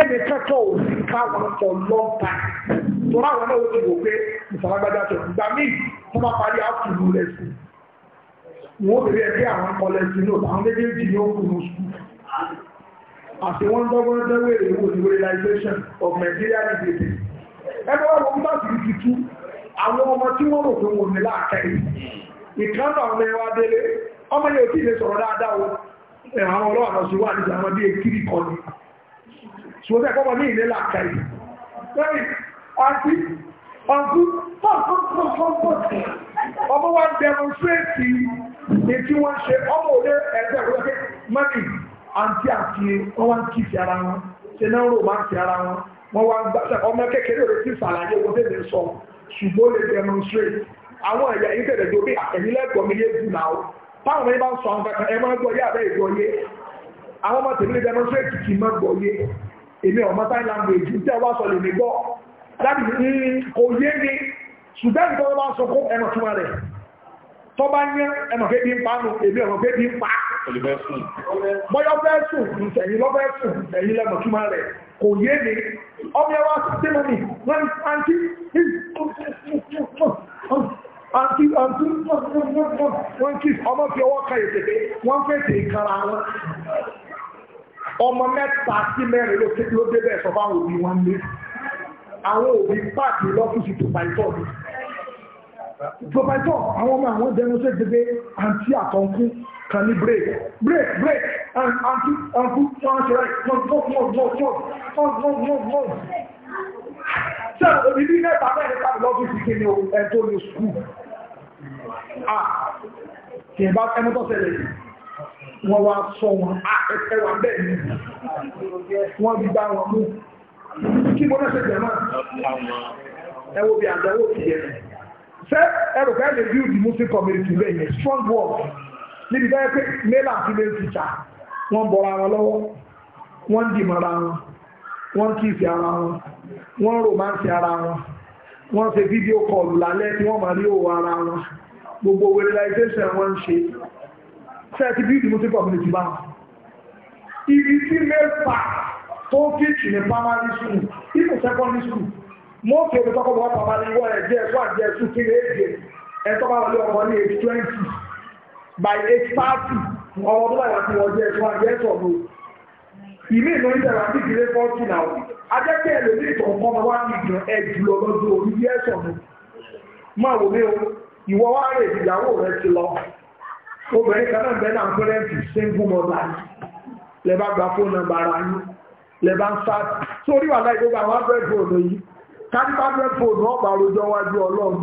ẹnì kankan ò sí káwọn for long time tó ráwọn náà ó ti wò pé ìsàlágbájá tó gbà míì tó bá parí àtúnú lẹ́sìn wọ́n bèrè ẹgbẹ́ àwọn kọlẹ̀sì náà àwọn méjèèjì ní òkùnrin skúl àti wọ́n dọ́gbọ́n dẹ́wẹ̀rẹ̀ ìwò ìwé realization of Nigerian liberty ẹgbẹ́ wọn wọ́n bá ti ti tú àwọn ọmọ tí wọ́n rò fún wọn ní láàkẹ́rì ìkánà ọmọ ẹwà délé ọmọ yóò tí ilé sọ̀rọ̀ dáadáa ni ṣùgbọ́n ẹ̀kọ́ ní ilé láàkẹ́rì ọmọ wa demonstrate ètí wọ́n ṣe ọmọ òde ẹgbẹ́ ìwọ́pẹ́ mọ́nì àti àti ọwọ́ ń kìí sí ara wọn ṣe náà rò máa ń sí ara wọn wọ́n wá ń gbáṣẹ́ ọmọ kékeré rẹ̀ sí ìsàlàyé owó tẹ́lẹ̀ sọ ṣùgbọ́n ó lè demonstrate àwọn ẹ̀yà ìtẹ̀lẹ̀ tó bí àtẹ̀yìnlẹ́gbọ̀n mi yé jù náà táwọn ẹni bá ń sọ àwọn kankan ẹ máa gbọ́ yé àbẹ́ ìgbọ́ yé àwọn ọmọ tèmi lè demonstrate kì í má gbọ́ yé èmi ọmọ sign language ń tẹ́ wá sọ lè mi gbọ́ láti ní kò yé ni ṣùgbọ́n ìtọ́ bá sọ fún ẹmọ túnmọ̀ rẹ̀ tó bá ń yẹ́ ẹmọ pé bí ń pa nù èmi ọmọ pé bí ń pa bọ́yọ́ fẹ́ sùn ìtẹ̀yìn lọ́fẹ́ sùn ìtẹ̀yìn lẹ́mọ̀ túnmọ̀ rẹ̀ kò yé mi ọmọ ẹwà sísẹ́mọ̀ mi wọ́n àǹtí àǹtí àǹtí wọ́n kí ọmọ fi ọwọ́ ka ètèké wọ́n fèsì ìkara wọn ọmọ mẹ́ta sí mẹ́rin ló débẹ̀ sọ fáwọn òbí wọn lé àwọn òbí páàkì lọ́fíìsì tó bá ìtọ́jú pọfẹtọ àwọn ọmọ àwọn dẹnusẹ gbẹgbẹ àǹtí àtọǹkú kan ní break break break àǹtí àǹkú fọnṣẹrẹ fọnṣẹrẹ ṣe òbíbí mẹ́ta mẹ́rin tàbí lọ́fíìsì kí ni o ẹ̀tọ́ ní skul kì í bá ẹni tó ṣẹlẹ̀ wọ́n wá sọ wọn ẹwà bẹ́ẹ̀ ni wọ́n bí bá wọn mú kí bọ́n ṣe jẹ̀ náà ẹwọ́ bí àjọwọ́ ti jẹ̀ ṣé ẹrù kan lè build the muslim community lẹ́yìn strong work níbi bẹ́ẹ̀ pé male and female teacher wọ́n ń bọra wọn lọ́wọ́ wọ́n ń dìmọ̀ ara wọn wọ́n ń kíìsì ara wọn wọ́n ń romance ara wọn wọ́n ń ṣe fídíò kọlù lálẹ́ tí wọ́n máa rí òwò ara wọn gbogbo realization wọ́n ń ṣe ṣé ẹ ti build the muslim community báwọn ibi tí male part tó kíìsì ní primary school even secondary school wọ́n kéré tọ́kọ́ bọ́ bàbá ní wọ́n ẹ̀jẹ̀ ẹ̀kọ́ àti ẹ̀sù kéré èdè ẹ̀tọ́ bá wọlé ọmọ age by age thirty ọmọ tó báyà ti wọ́n jẹ́ ẹ̀kọ́ àti ẹ̀sọ̀ ló ìmí ìlú ìjọba ti kéré forty now ajẹ́kẹ́ ẹ̀ lórí ìtọ̀ nǹkan ọmọ wa ní ìgbọ̀n ẹ̀ jùlọ lọ́dún orí bí ẹ̀sọ̀ ló máa wò mí o lọ kárípá 100 náà bá wájú ọlọ́run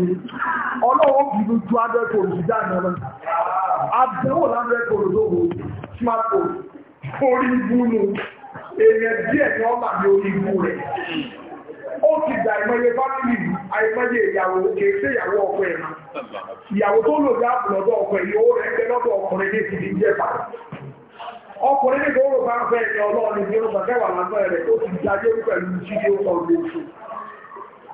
ọlọ́wọ́ bínú ju abẹ́fòònù sí dáadáa lọ àbẹ̀wò lábẹ́fòònù smartphone orí ibú nu èèyàn díẹ̀ ni wọ́n orí ibú rẹ̀ ó ti dà fámìlì ìyàwó ìyàwó ẹ̀ ìyàwó tó lò rẹ̀ lọ́dọ̀ ọkùnrin ní ti di ọkùnrin ní bá ń fẹ́ ọlọ́ọ̀ni rẹ̀ ó ti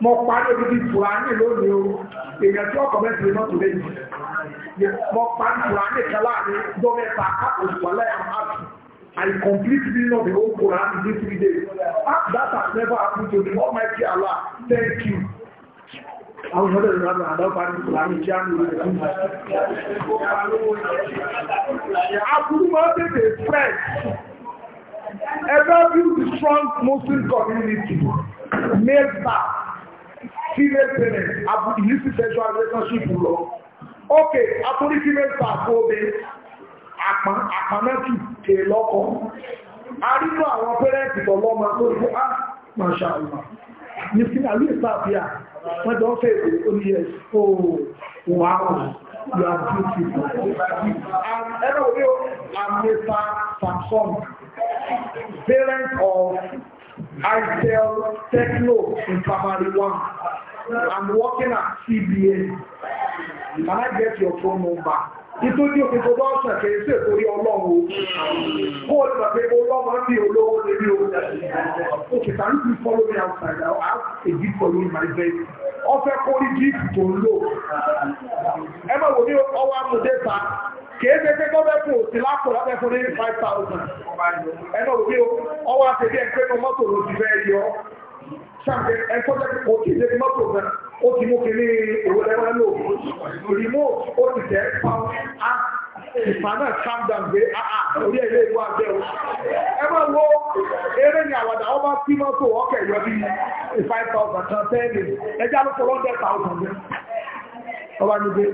mo parí ibi fúrání lónìí o èèyàn tí ọkọ̀ mẹ́ta lè mọ́tò lẹ́yìn mo parí fúrání kan láàrin dọ́mẹ́ta àpòsùwọ̀lẹ́ àmàtù I completely of the whole Quran in three days. That has never happened to me. Almighty Allah, thank you. Àwọn ọ̀dọ́ ìrọ̀lá àdọ́bà ní Kùránì kí á ní orílẹ̀ ìlú. Àbúrú máa tètè spread. Ever build strong Muslim community. Make that female parents have illicit sexual relationship lọ ok atúrí female staff obe àpọn àpọnẹ́tù kè lọ́kọ́ a rí nú àwọn parents tọ́lọ́mọ tó ah, ní á masha allah ní sí àlú ìsàfíà wọ́n jọ fẹ́ èdè oníyẹ ooo oh, wow you are beautiful and ẹ̀rọ òwe am Mr. Samson parent of I sell techno in primary one. I'm working at CBN. Can I get your phone number? Nítorí òfin tó bá ọ̀sẹ̀ kìí sí èkórí ọlọ́run o. Kó o lọ pé olóòmọ bí olówó lè rí o. Okay, can you please follow me outside? I have a gift for you in my bed. Ọfẹ́ kórí gift tó ń lò. Ẹ máa wò ní ọwọ́ amúdé ta kéèké pé gọ́ọ̀mẹ́ntì ò sí lápò lábẹ́ fún five thousand. Ẹ náà wò ní ọwọ́ àtẹ̀bí ẹ̀ sáàpẹ ẹ̀fọ́jẹ́ kò tí ìdè mọ́tò gan ó ti mú kí ní ìwé lẹ́wọ́ lò remote ó ti tẹ̀ pàwọn á ìfà náà calm down gbé orí ẹ̀ lé ìwà bẹ́ẹ̀ o ẹ máa wo eré ní àwàdà ọ bá sí mọ́tò ọkẹ̀ yọ bí five thousand kan ten ní ẹjẹ́ àlùkò lọ́ndẹ̀ thousand ní ọba níbi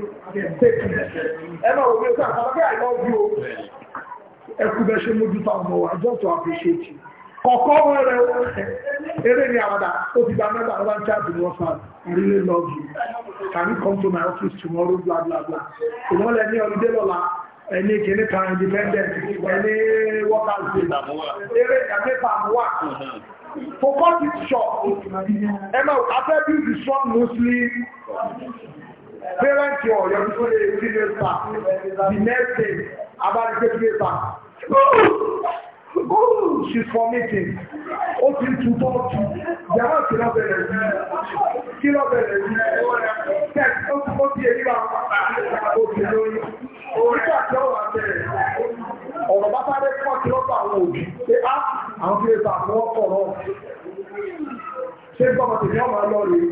ẹ máa wo bí ó sàn àbábẹ́ àìlọ́ọ̀bù o ẹkú bẹ́ ṣe mójútó àwọn ọmọ wa just to appreciate you. kọ̀kọ́ rẹ̀ eré ní àwàdà ó ti gba mẹ́ta ọba ń ṣáàbì ní ọ̀sán I really love you can you come to my office tomorrow bla bla bla ìmọ̀lẹ̀ ní ọ̀lùdé lọla, ẹni kìíní kan independent ẹni workers day eré ìyàmẹ́fà àmúwà for cut shop short ẹ máa afẹ́ bí the strong Muslim parent your your people dey feel the next day about the Ooh, she's vomiting. Ó ti tu tó tu. Yàrá kí lọ bẹ̀rẹ̀ sí. Kí lọ bẹ̀rẹ̀ sí. Tẹ̀k Oh, ti ó ti èyí bá ó ti lóyún. Nígbà tí ó wà bẹ̀rẹ̀. Ọ̀rọ̀ bá sáré kọ́ sí lọ́pọ̀ àwọn òbí. Ṣé á ah, àwọn fi lè ta àwọn ọkọ̀ náà? Ṣé gbọ́mọ tèmi ọmọ lọ rèé?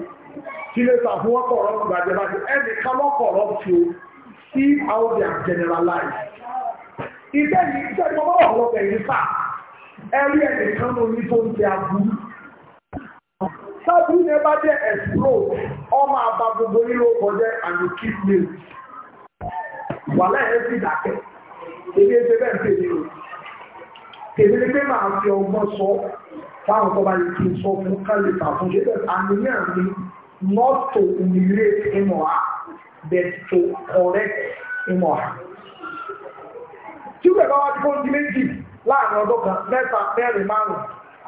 Kí lè ta ọkọ̀ náà gbàjẹ́ bá ti ẹnìkan náà fi See how they are generalized ìgbẹ́ yìí iṣẹ́ tí wọ́n bá wà lọ́pẹ̀ yìí fà ẹ̀rí ẹ̀nìkan ló ní tó ń jẹ aburú. sábúrú yẹn bá jẹ́ ẹ̀sùrò ọmọ àbá gbogbo nílò kọjá àmì keep milk wà láyé sí ìdákẹ́ èmi ẹsẹ̀ bẹ́ẹ̀ tèmi o tèmi ni pé màá fi ọgbọ́n sọ fáwọn tó bá yẹ kí n sọ fún kálífà fún ṣe bẹ́ẹ̀ àníyàn mi not to humiliate him or but to correct him or tí wọ́n bá wá tí wọ́n ti méjì láàrin ọdún kan mẹ́ta mẹ́rin márùn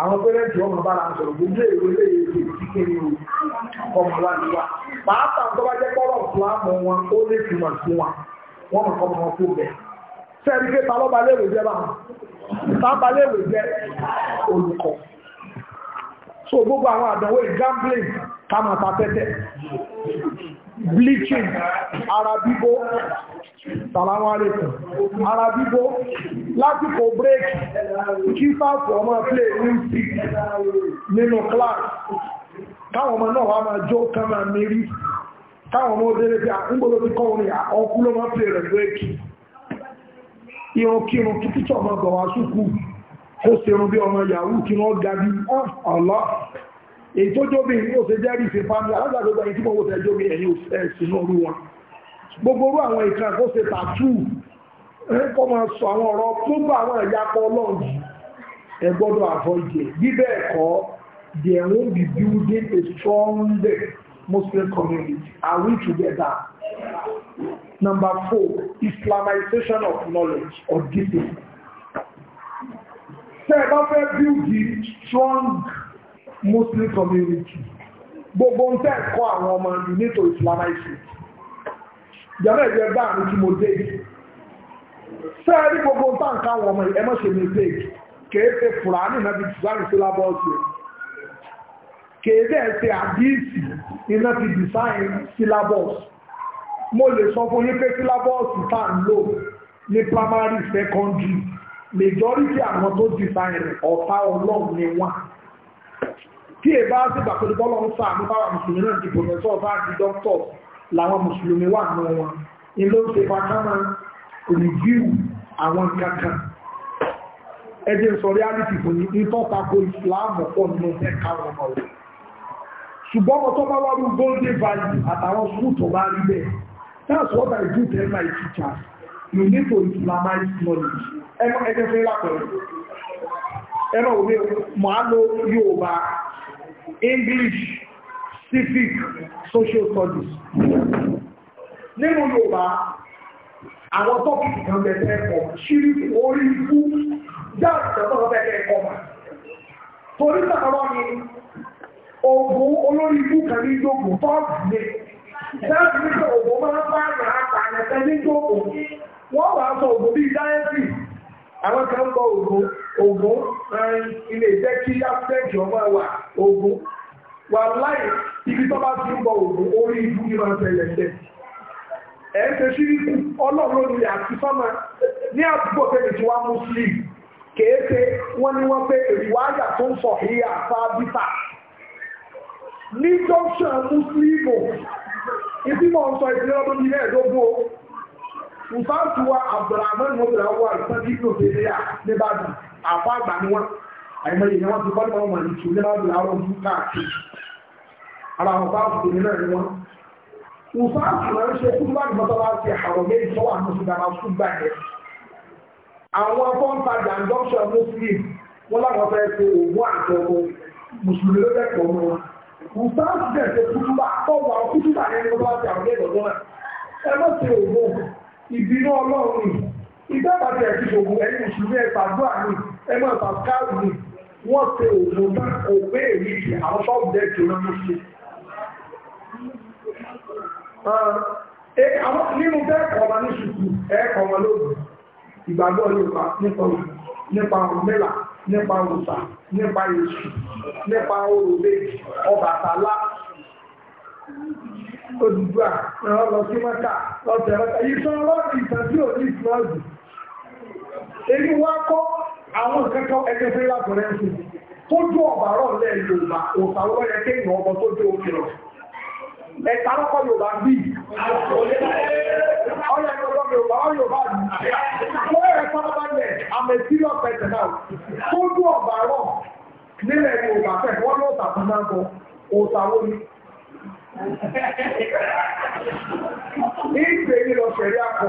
àwọn pẹ́lẹ́ntì ọmọ bára ń sọ̀rọ̀ gbogbo èrò ilé èdè kíké ní o ọmọ láti wá pàápàá tó bá jẹ́ pọ́rọ̀ fúlámù wọn ó lè túmọ̀ sí wọn wọn mọ̀ kọ́ mọ́ tó bẹ̀. sẹ́ẹ̀rí pé talọ́ba léèrè jẹ́ báwọn tábà léèrè jẹ́ olùkọ́. so gbogbo àwọn àdánwò gambling ká máa ta tẹ́tẹ́ bleaching ara bíbó sàlámù àlékún ara bíbó lásìkò bírèkì kí sáàpù ọmọ plé wíńsì nínú class táwọn ọmọ náà wà máa jó kán mérí táwọn ọmọ obìnrin bí àkúngbòrò bí kọ́ orin ọkú ló máa plé rẹ̀ bírèkì kírun kí títí ọmọ bọ̀ wá súkú kó serun bí ọmọ yahoo kí wọ́n ga bí ọ̀lọ́ ah, èyí tó jóbi ó ṣe jẹ́rìí gbogbo orú àwọn ìkan kó ṣe tàtú kọ́ máa sọ àwọn ọ̀rọ̀ gbogbo àwọn ìyapọ̀ ọlọ́run yìí ẹ gbọ́dọ̀ àfọ́jẹ bí bẹ́ẹ̀ be building a strong Muslim community are we together number four Islamization of knowledge or discipline tẹ́ ẹ bá fẹ́ bíúdì strong Muslim community gbogbo ń tẹ́ ẹ̀kọ́ àwọn ọmọ ìlú nítorí Islamic jàmọ́ ẹ̀jẹ̀ bá àmì tí mo dé sẹ́ẹ̀rí gbogbo táǹkà wọn ọmọ ẹ̀ mọ́ṣẹ́ mi dé kéèké fúra ní ìnábi design sílábọ́ọ̀sì kéèké ẹ̀sẹ̀ àdíìsì ìnábi design sílábọ́ọ̀sì mo lè sọ fún yín pé sílábọ́ọ̀sì tá à ń lò ní primary secondary majority àwọn tó design rẹ̀ ọ̀tá ọlọ́run ni wọ́n kí èbá sì gbàgbé bọ́lọ́ ń sàánú báwa mùsùlùmí náà di pòfẹ́sọ̀ bá di dókítọ̀ làwọn mùsùlùmí wà nù wọn ni ló ṣe pàtàkì rìvíù àwọn kankan ẹjẹ sọ reality fún yìí ìtọ́ Islam pọ̀ nínú tẹ́ ọmọ rẹ̀ ṣùgbọ́n mo tọ́ka wá rú golden valley àtàwọn school tó bá rí bẹ́ẹ̀ that's what I do tell my teachers you need to Islamize knowledge ẹnu fẹ́ lápẹ̀rẹ̀ ẹnu òwe mọ̀ á lo Yorùbá English civic social studies nínú Yorùbá àwọn tọ́pìkì kan bẹ̀rẹ̀ ẹ̀kọ́ ṣírí orí ikú jáàrù tẹ̀kọ́ bẹ̀rẹ̀ ẹ̀kọ́ mà torí sàkọ́rọ́ ni ogun olórí ikú kan ní ìjókòó tọ́ọ̀bù ní jáàrù ní pé ogun máa bá àyà àpàyàn tẹ́ ní ìjókòó wọ́n wàá sọ ogun bíi dáẹ́sì àwọn kan ń ogun ogun ilé ìjẹ́ kí áfíẹ́jì ọmọ wà ogun wà láì ibi tó bá ti ń bọ òògùn orí ìlú ní máa tẹ̀lẹ̀ tẹ̀. ẹ̀ ń ṣe síríkù ọlọ́run ni àti sọ́mà ní àdúgbò tẹ̀lé tí wọ́n mú sí i kéèké wọ́n ní wọ́n pé ìwáyà tó ń sọ ìyá sábìtà ní junction muslimu ibi mọ̀ ń sọ ìpínlẹ̀ ọdún ní ẹ̀ẹ́dógún o nfàtúwa abdulrahman mọ̀tàlá wà lùsàdí ìlú òfin ní Ìbàdàn àfọ àgbà ni wọ́n àìmọye ìyẹn wọ́n ti kọ́ nípa ọmọ ìtù ní láti àwọn ojú káàkiri ara àwọn sáàfù ní náà ni wọ́n ùsáàfù náà ń ṣe kúrú láti bọ́tọ́ láti àrọ̀ méjì tó wà ní oṣù dára sùn gbà yẹn àwọn afọ́ntajà ndọ́ṣọ̀ muslim wọ́n láwọn fẹ́ ṣe òògùn àtọ̀wọ̀ mùsùlùmí ló dẹ̀kọ̀ ọmọ wọn ùsáàfù dẹ̀ ṣe kúrú bá tọ́wọ́ àwọn kúrú wọ́n pe òun bá òpé èyí ti àwọn ṣọ́ọ̀bù dẹ́kì wọn ní ṣe. Ah, eh, nínú bẹ́ẹ̀kọ̀ ọmọ ní ṣùkú, ẹ̀ẹ́kọ̀ ọmọ lóògùn, ìgbàgbọ́ nípa nípa òun, nípa òmìnira, nípa òòsà, nípa èṣù, nípa òòrùlé, Ọbàtálá. Odùduwà, ẹ̀rọ lọ sí mọ́ta, lọ́tẹ̀ẹ́rọ́ta, ìtàn ọlọ́rin ìtàn tí ò ní ìtàn ọ̀dùn. Èyí wá kọ́ àwọn ìkẹ́kọ̀ọ́ ẹgbẹ́ fẹ́ látọ̀rẹ́ ẹ̀sùn tójú ọ̀bà rọ̀ lẹ́ Yorùbá òsà lọ́wọ́ yẹ kí èèyàn ọmọ tójú òkè lọ ẹ̀ta lọ́kọ̀ Yorùbá bí ọ̀yẹ̀ lọ́kọ̀ Yorùbá ọ̀yẹ̀ Yorùbá bí wọ́n yẹ pátápá lẹ̀ àmì sílọ̀ pẹ̀tẹ̀ náà tójú ọ̀bà rọ̀ nílẹ̀ Yorùbá fẹ́ wọ́n lọ́ tàbí náà bọ̀ òsà wọ́n ni ìgbè yìí lọ sẹ̀rí àpọ̀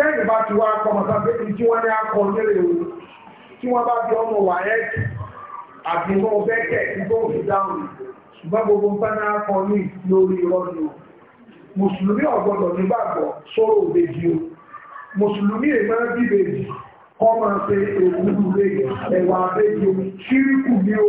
sẹ́yìn bá ti wá kọmọ̀sá pé tí wọ́n ní akọ nílé o tí wọ́n bá fi ọmọ wà ẹ́ àti mọ́ bẹ́ẹ̀kẹ́ ìgbó òfin dáhùn ṣùgbọ́n gbogbo ń bá ní akọ ní lórí ìrọ́nù mùsùlùmí ọ̀gbọ́dọ̀ nígbàgbọ́ sọ̀rọ̀ òbejì o mùsùlùmí èèmọ́ bíbejì kọ́ máa ṣe èwúrú rẹ̀ ẹ̀wà àbejì o ṣíríkù ní o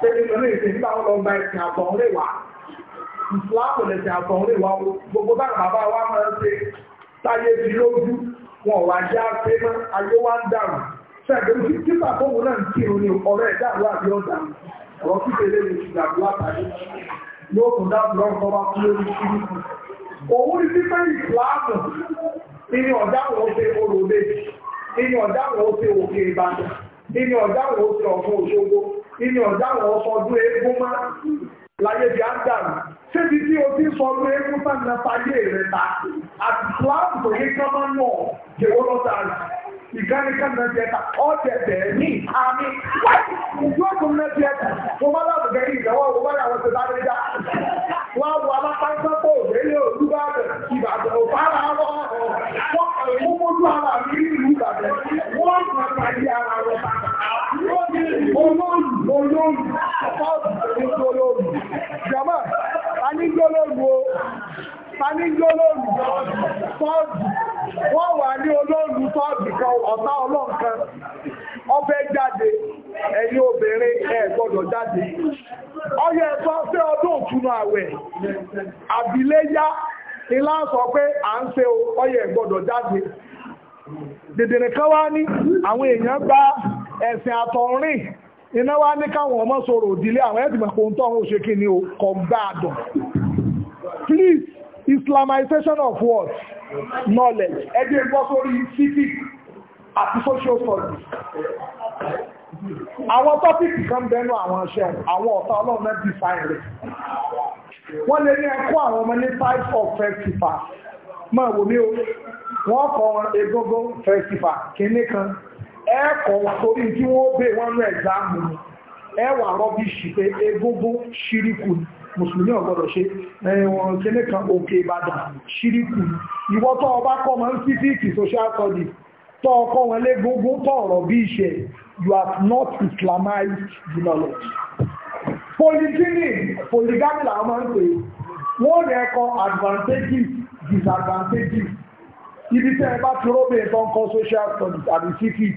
pé nítorí ìsìn bá wọn lọ gba ẹ̀sìn àtọ̀hún lè wà ìsìláàmù lẹ̀sìn àtọ̀hún lè wà gbogbo bá bàbá wa máa ń ṣe táyé ti lójú wọn wà já pé mọ́ ayé wa ń dàrú ṣàgbéru kí kí bàbá òun náà ń kírun ní ọ̀rọ̀ ẹ̀dá àlọ́ àbí ọ̀dà ọ̀rọ̀ kíkẹ́ lè lè ṣùgbà bí wà tàbí yóò tún dáàbò lọ́rùn kọ́ wá kúrò ní kí òun ní pípẹ́ ìsìláàmù nínú ọ̀dá àwọn oṣù orò lè nínú ìní ọ̀dá àwọn ọ̀sọ̀dún eégún má láyé bí á dàrú ṣébi tí o ti sọ ọdún eégún sáà náà fàyè rẹ̀ ta àtìláàbù tó yẹ ká máa nọ̀ jẹ́wọ́ lọ́dà ìgánikan náà jẹ́ta ọ̀jẹ̀ bẹ̀ẹ́ ní àmì wáyé ìjọ ọdún náà jẹ́ta mo má lábùgẹ́ yìí ìdáwọ́ owó báyà wọ́n ti dáre dá wọ́n wọ alápáńsápọ̀ òṣèlú olúbàdàn ìbàdàn òfàrà wọn wọ́n mójú ara mi rí ìlú ìbàdàn wọ́n máa parí ara wọn olóòlù olóòrù ọ̀pọ̀lọpọ̀ ní olóòrù jọmọ́ aníjọ́lóòrù o aníjọ́lóòrù tọ́ọ̀dù wọ́n wà ní olóòrù tọ́ọ̀dù kan ọ̀tá ọlọ́nkan ọbẹ̀ jáde ẹ̀yin obìnrin ẹ̀ gbọ́dọ̀ jáde ọyọ ẹ̀sọ́ fẹ́ ọdún òtúnú àwẹ̀ àbíléyá ilá sọ pé à ń ṣe ọyọ ẹ̀ gbọ́dọ̀ jáde dèdèrè kan wá ní àwọn èèyàn gba ẹ̀sìn àtọ̀rìn iná wá ní káwọn ọmọ sọ̀rọ̀ òdílé àwọn ẹ̀dìmọ̀ ohun tó àwọn òṣèké ni kò gbáàdùn please Islamization of what knowledge ẹgbẹ́ gbọ́ sórí civic àti social studies àwọn tọ́pìkì kan bẹnu àwọn aṣẹ àwọn ọ̀tá ọlọ́run náà di fáìlì wọ́n lè ní ẹ̀kọ́ àwọn ọmọ ní five of festival máa wò ní o wọ́n kọ́ egogo festival kìíní kan ẹ̀ẹ́kọ̀ torí tí wọ́n bè wọ́n ní ẹ̀záàmù ni ẹwà rọ́bí ṣìpé egúngún ṣíríkù mùsùlùmí ọ̀gbọ́dọ̀ ṣe ẹ̀wọ̀n kíní òkè ìbàdàn ṣíríkù ìwọ ọba kọ́ máa ń fífíìkì social study tó wọn légúngún tó bí iṣẹ́ you have not islamized the knowledge. polygyny polygamy làwọn máa ń pè wọ́n ní ẹ̀kọ́ advantages disadvantages ibi tẹ́ ẹ bá ti róbè tó ń kọ́ social studies àbí civic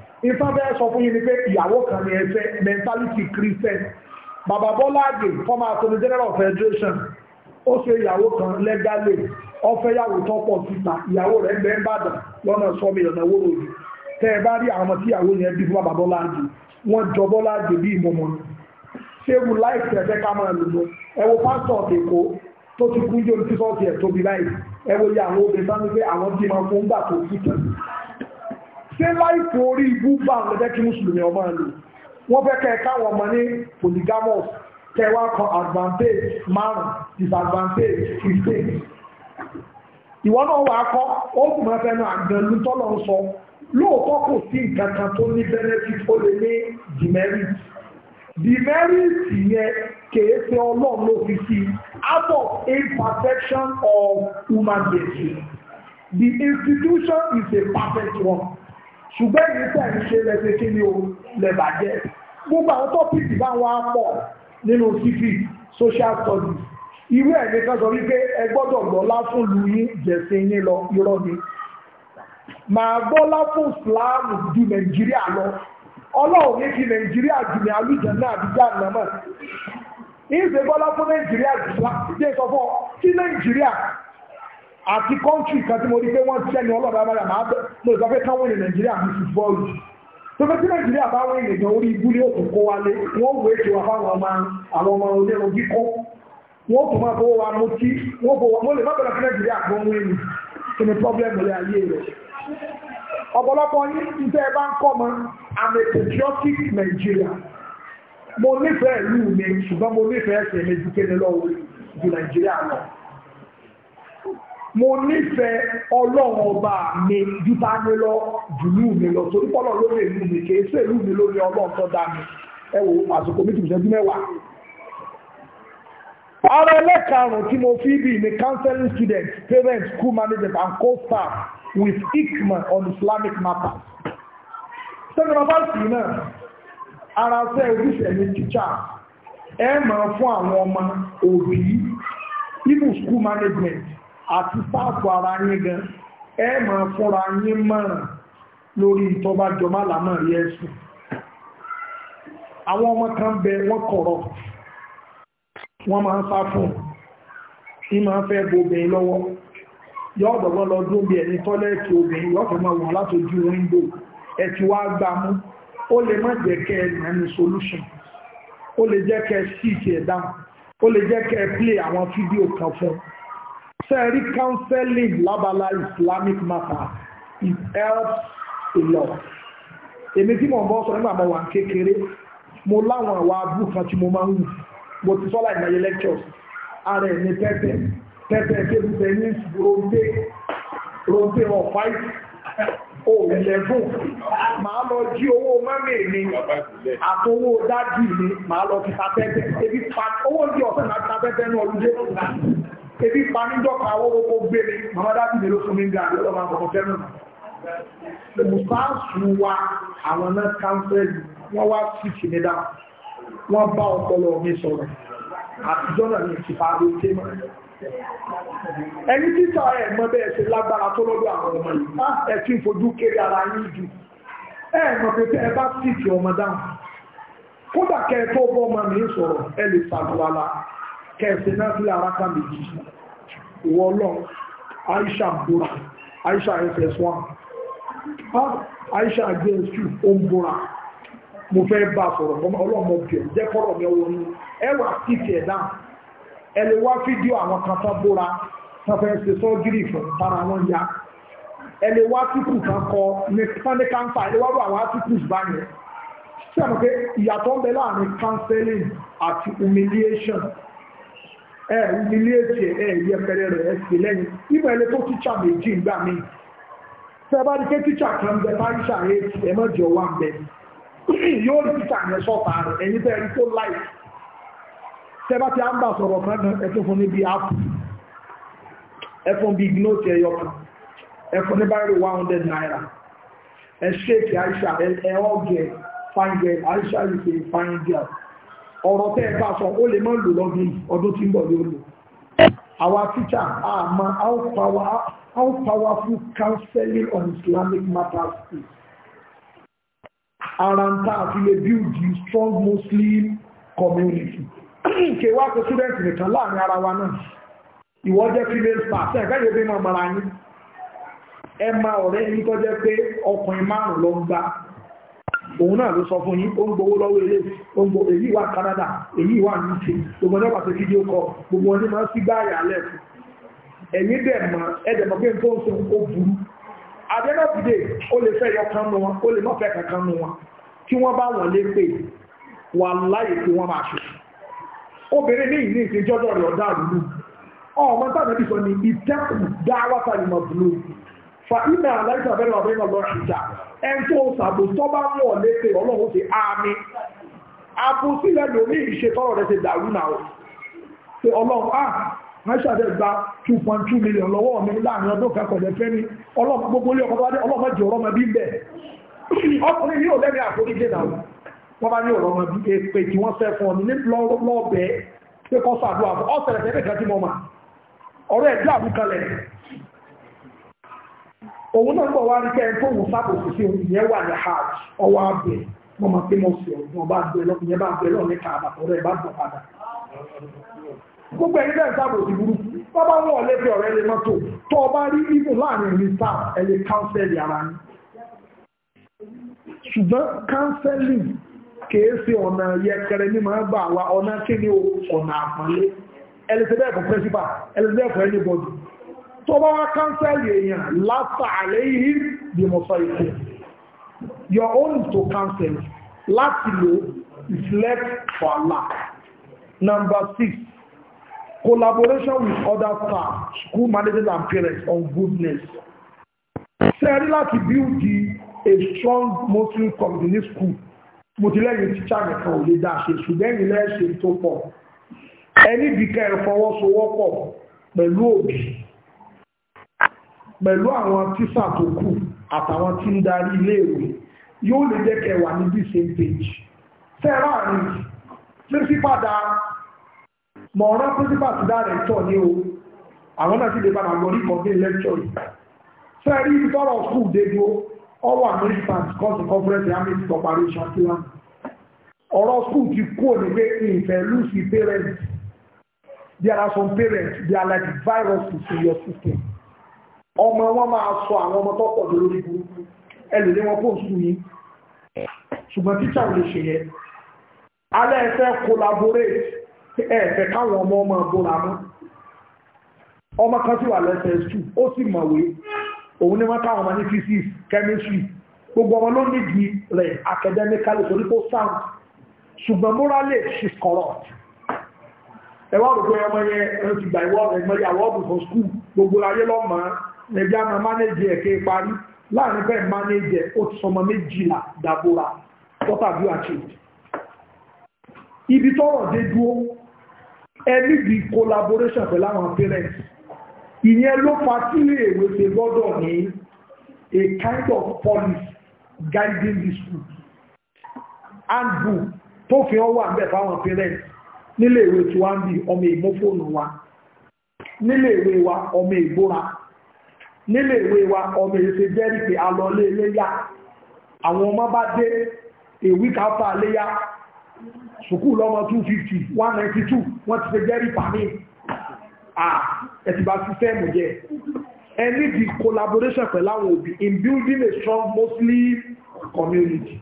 ìfẹ́ bẹ́ẹ̀ sọ fún yín ni pé ìyàwó kan ní ẹsẹ̀ mentality christian bàbá Bọ́lá Àgè former attorney general of federation ó ṣe ìyàwó kan lẹ́gálẹ̀ ọfẹ́ yàwó tọ́pọ̀ síta ìyàwó rẹ̀ bẹ́ẹ̀ ń bàdàn lọ́nà sọmi ọ̀nà owó ròyìn tẹ́ ẹ bá rí àwọn tí ìyàwó yẹn bí fún bàbá Bọ́lá Àgè wọ́n jọ Bọ́lá Àgè bí ìmọ̀mọ́ ni ṣéwù láìsí ẹ̀fẹ́ ká máa lò lọ ẹ̀wọ̀ pásítọ̀ èkó tó ti kú jòlù tí sọ́ọ̀tì ẹ̀ tóbi láì ẹ̀wọ̀ yà àwọn obìnrin bá ń gbé àwọn tí máa fún gbà tó kú ṣé láìpò orí ibú bá àwọn ẹgbẹ́ kí mùsùlùmí ọmọ lò wọ́n fẹ́ kẹ́ káwọn ọmọ ní polygamous kẹwàá kan advantage márùn disadvantage fifteen ìwọ náà wàá kọ́ ó sì máa fẹ́ nu àgbẹ̀lú tọ́lọ̀ ń sọ lóòótọ́ kò sí nǹkan kan tó ní benefit ó lè ní demerit demerit yẹn kèé ṣe ọlọ́run ló fi sí out of imperfection of human being the institution is a perfect one ṣùgbọ́n èyí tẹ̀ ń ṣe lẹ́sẹ̀ kí ni o lẹ́bàjẹ́ gbogbo àwọn tọ́pìkì bá wá pọ̀ nínú cv social studies irú ẹ̀ nìkan sọ wípé ẹ gbọ́dọ̀ lọ́lá fún lu yín jẹ̀sìn yín lọ irọ́ ni màá gbọ́lá fún Islam ju Nàìjíríà lọ ọlọ́run ní kí Nàìjíríà jù ní alújẹ náà àdúgbò ànámọ́ ìṣègbọ́lá fún Nàìjíríà jù sọ fún ọ sí Nàìjíríà àti kọ́ńtì kan tí mo rí pé wọ́n ti ẹni ọlọ́dà abáyà máa bẹ̀ mo sọ pé káwọn ènìyàn nàìjíríà ní fútbọ́ọ̀lù tó fẹ́ tí nàìjíríà bá wọ́n ènìyàn orí ibú ní òkú kó wálé wọ́n wò ètò àwọn ọmọ àwọn ọmọ onírun kíkọ́ wọ́n kò máa fowó wa mú kí wọ́n fowó mo lè má bẹ̀rẹ̀ fún nàìjíríà kó ń wéyìn kí ni pọ́blẹ́mù rẹ̀ ayé rẹ̀ ọ̀pọ̀lọpọ̀ yín ti tẹ́ ẹ bá ń kọ́ mọ I'm a patriotic Nigeria mo nífẹ̀ẹ́ ìlú mi ṣùgbọ́n mo nífẹ̀ẹ́ ẹ̀sẹ̀ méjì kéde lọ́wọ́ ju Nàìjíríà lọ mo nífẹ̀ẹ́ ọlọ́run ọba mi jù bá mi lọ jùlú mi lọ torí pọ́lọ̀ ló lè lù kìí sí èlú mi lórí ọlọ́run tó dá mi ẹ wo àsìkò mi ti ṣẹ́jú mẹ́wàá. ara ẹlẹ́karùn-ún tí mo fi bí ni counseling students parents school managers and co-staff with hikman on Islamic matters. sẹ́ni bàbá sì náà ara sẹ́ ojúṣe ní tíṣà ẹ máa fún àwọn ọmọ òbí even school management àti sáàpù ara yín gan ẹ máa fúnra yín mọ̀ràn lórí ìtọ́ba jọmọ́ àlámọ̀ rí ẹ̀sùn àwọn ọmọ kan bẹ wọ́n kọ̀rọ̀ wọ́n máa ń sá fún ní máa ń fẹ́ bo obìnrin lọ́wọ́ yọ́ ọ̀dọ̀gbọ́n lọ dún bí ẹni tọ́lẹ́ẹ̀tì obìnrin yọ́ fẹ́ máa wọ̀n látòjú wíńdò ẹ ti wá gbá mú ó lè má jẹ́ kẹ́ ẹ nà ní solution ó lè jẹ́ kẹ́ ẹ síìtì ẹ̀ dáhùn ó lè jẹ́ kẹ́ ẹ play àwọn fídíò kan fún un sẹ́ẹ̀rí counseling lábala islamic matter it helps a lot èmi tí mò ń bọ́ sọ nígbà mo wà ń kékeré mo láwọn àwa abúlé kan tí mo máa ń wù mo ti sọ́lá ìmọ̀ye lectures ara ẹ̀ ní pẹ́pẹ́ pẹ́pẹ́ table tennis rompe rompe of fight o eleven màá lọ jí owó mọ́mì mi àtowó dájú mi màá lọ ti ta pẹ́pẹ́ ebi owó ń di ọ̀sẹ̀ náà ta pẹ́pẹ́ ní ọdún ebi paníjọ́ka owó kókó gbére mọ́mọ́dá bí lèrò fún mi gbà akọkọ lọ́wọ́ àkọ́kọ́ Musa mùsáàsù wa àwọn náà káńsẹ́lì wọ́n wá síkì ní dáa wọ́n bá ọpọlọ mi sọ̀rọ̀ àtijọ́ náà ẹni ara yín jù ẹ bá ọmọ dáhùn kódà ẹ tó ọmọ mi kẹsẹ̀ náà sílẹ̀ aráka méjì ìwọ ọlọ́run aisha bora aisha ss1 aisha james 2 ó ń bora mo fẹ́ bá sọ̀rọ̀ ọlọ́mọ bìọ̀ jẹ́ kọ́rọ̀ mi ọwọ́ yín ẹwà títì ẹ̀dá ẹ lè wá fídíò àwọn kan tán bóra tán fẹ́ ṣe sọ́jírì fún para wọn ya ẹ lè wá títù kan kọ ní sunday cancer ẹ lè wá bọ̀ àwọn articles báyẹn ṣé àmọ́ pé ìyàtọ̀ ń bẹ láàrin counseling àti humiliation ẹ ilé ètè ẹ yẹ pẹrẹ rẹ ẹ sì lẹ́yìn ìmọ̀ ẹlẹ́ tó tíṣà méjì gbà mí tẹ bá di pé tíṣà kan bẹ paríṣà ètì ẹ mọ̀ jẹ́ wà bẹ yóò rí tíṣà yẹn sọ́ta rẹ ẹ̀yin tẹ́ ẹ rí tó láì tẹ bá ti á ń bà sọ̀rọ̀ kan gan ẹ tó fún níbi áàpù ẹ fún bí ignóòtì ẹyọ kan ẹ fún ní báyìí one hundred naira ẹ ṣéèkì àìṣà ẹ ọ̀gẹ̀ fine àìṣà yìí ṣe ọ̀rọ̀ tẹ́ ẹ sọ ó lè mọ́ lò lọ́dún ọdún tí ń bọ̀ lórí our teacher àmọ́ how power how powerful counseling on Islamic matters is ara ń tá àti lè build a strong Muslim community kèwà kò student nìkan láàrin ara wa náà ìwọ jẹ́ female staff ẹ̀ fẹ́ yóò fi mọ̀ mọ́ra yín ẹ máa ọ̀rẹ́ yín tó pé ọkùnrin márùn-ún ló ń gbà òun náà ló sọ fún yín ó ń gbowó lọ́wọ́ ilé ó èyí wà Canada èyí wà ní ṣe gbogbo ọjọ́ pàṣẹ fídíò kọ gbogbo ọdún máa ń sí gbáàyà lẹ́ẹ̀kú ẹ̀yìn dẹ̀ mọ̀ ẹ̀dẹ̀ mọ̀ pé n tó ń sọ ó burú adẹ́nàbìdè ó lè fẹ́ yọ kan nu wọn ó lè má fẹ́ kankan nu wọn tí wọ́n bá wọ̀n lé pè wà láyè tí wọ́n máa ṣe obìnrin ní ìní ìṣèjọ́dọ̀ rẹ̀ ọ̀dà àdúgbò ọmọ táwọn sọ ni ìtẹ́kù dá wákàtí mọ̀ bùlù fàínà aláìsàn bẹ́rẹ̀ wà bẹ́rẹ̀ lọ ṣìjà ẹn tó sàbò tó bá wọ̀ lépe ọlọ́run ti àmì àbòsílẹ̀ lórí ìṣètọ́rọ̀ rẹ̀ ti dàrú náà pé ọlọ́run á ah, 2.2 million lọ́wọ́ mi láàrin ọdún kẹkọ̀ọ́dẹ̀ fẹ́ mi ọlọ́run gbogbo ilé ọkọ̀ ọlọ́run jẹ́ ọ̀rọ̀ ọmọ bí bẹ́ẹ̀ ọkùnrin yìí ò lẹ́ni àforíjì náà wọ́n bá ní ọ̀rọ̀ ọmọ bí pé kí wọ́n fẹ́ fún ọ ní lọ́ọ̀bẹ̀ẹ́ pé òun náà gbọ́ wá rí kẹ́ tó wù sábòsí sí òun ní hajj ọwọ́ abẹ mo mọ̀ pé mo sì ọ̀gbọ́n bá gbé ìyẹn bá gbé ní kààbà ọ̀rọ̀ bá gbọ̀ padà. gbogbo ẹni bẹ́ẹ̀ sábòsí burúkú wọ́n bá wọ̀ lẹ́fì ọ̀rẹ́ ẹni mọ́tò tó o bá rí láàrin sáà ẹ lè ara ṣùgbọ́n kìí ṣe ọ̀nà yẹkẹrẹ ní máa gbà wá ọ̀nà ni tó bá wá kánsẹ́lì èèyàn látà àléyìí bí mo sọ ìpè your own to cancel láti lò is left for Allah number six collaboration with other staff school managers and parents on goodness sẹ́rí láti build a strong Muslim community school mo ti lẹ́yìn tíṣà nìkan ò lè dá ṣe ṣùgbọ́n ìlẹ́ ṣe tó pọ̀ ẹni bí kẹ́ ẹ̀ fọwọ́sowọ́pọ̀ pẹ̀lú òbí pẹ̀lú àwọn tíṣà tó kù àtàwọn tí ń darí iléèwé yóò lè jẹ́ kẹ́ wà níbi same page tẹ́rà rí pírísípà dá mọ̀ ọ̀rán pírísípà ti dá rẹ̀ tọ̀ ní o àwọn náà ti lè padà lọ rí kọ̀ọ̀dé lẹ́kṣọ̀ yìí fẹ́rí ìtọ́rọ̀ skul dégbò ọwọ́ american scott conference amity corporation ti wá ọ̀rọ̀ skul ti kú òní pé ìfẹ́ lùsì parents there are some parents they are like viruses in your system ọmọ wọn máa sọ àwọn ọmọ tó pọ̀ lórí burúkú ẹlòmí wọn fóun sùn yín ṣùgbọ́n tíṣà lè ṣe yẹ alẹ́ ẹ fẹ́ collaborate ẹ fẹ́ káwọn ọmọ ọmọ bóra mọ́ ọmọ kan sì wà lẹ́sẹ̀ tù ó sì mọ̀wé òun ni wọ́n káwọn ọmọ ní physics chemistry gbogbo ọmọ ló nídìí rẹ̀ academically torí kó sound ṣùgbọ́n morally she's corrupt ẹwà òkú ọmọ yẹn ti gbà ìwọ́ ọ̀rẹ́ mọ́lẹ́ àwọ́dù for school gbogbo ayé lọ́mọ́ ẹbí àmà mánéjì ẹ̀ kéé parí láàrin bẹ́ẹ̀ mánéjì ó ti sọmọ méjìlá dàbóra what have you achieved ibi tọ́rọ̀ dé dúró ẹni bí collaboration pẹ̀lú àwọn parents ìyẹn ló fa tí èwe ṣe gbọ́dọ̀ ní a kind of policy guiding the school handbook tó fi hàn wà níbẹ̀ fáwọn parents nílé ìwé tí wọ́n ń bí ọmọ ìmúfóònù wa nílé ìwé wa ọmọ ìgbóra nílé ìwé wa ọmọ èsè jẹ́rì pé a lọ lé léyà àwọn ọmọ bá dé èwí káfà léyà sùkúù lọ́mọ 250 192 wọ́n ti ṣe jẹ́rì pàmí ẹ̀tìbá sísẹ́mù jẹ́ ẹni di collaboration pẹ̀lú àwọn òbí in building a strong Muslim community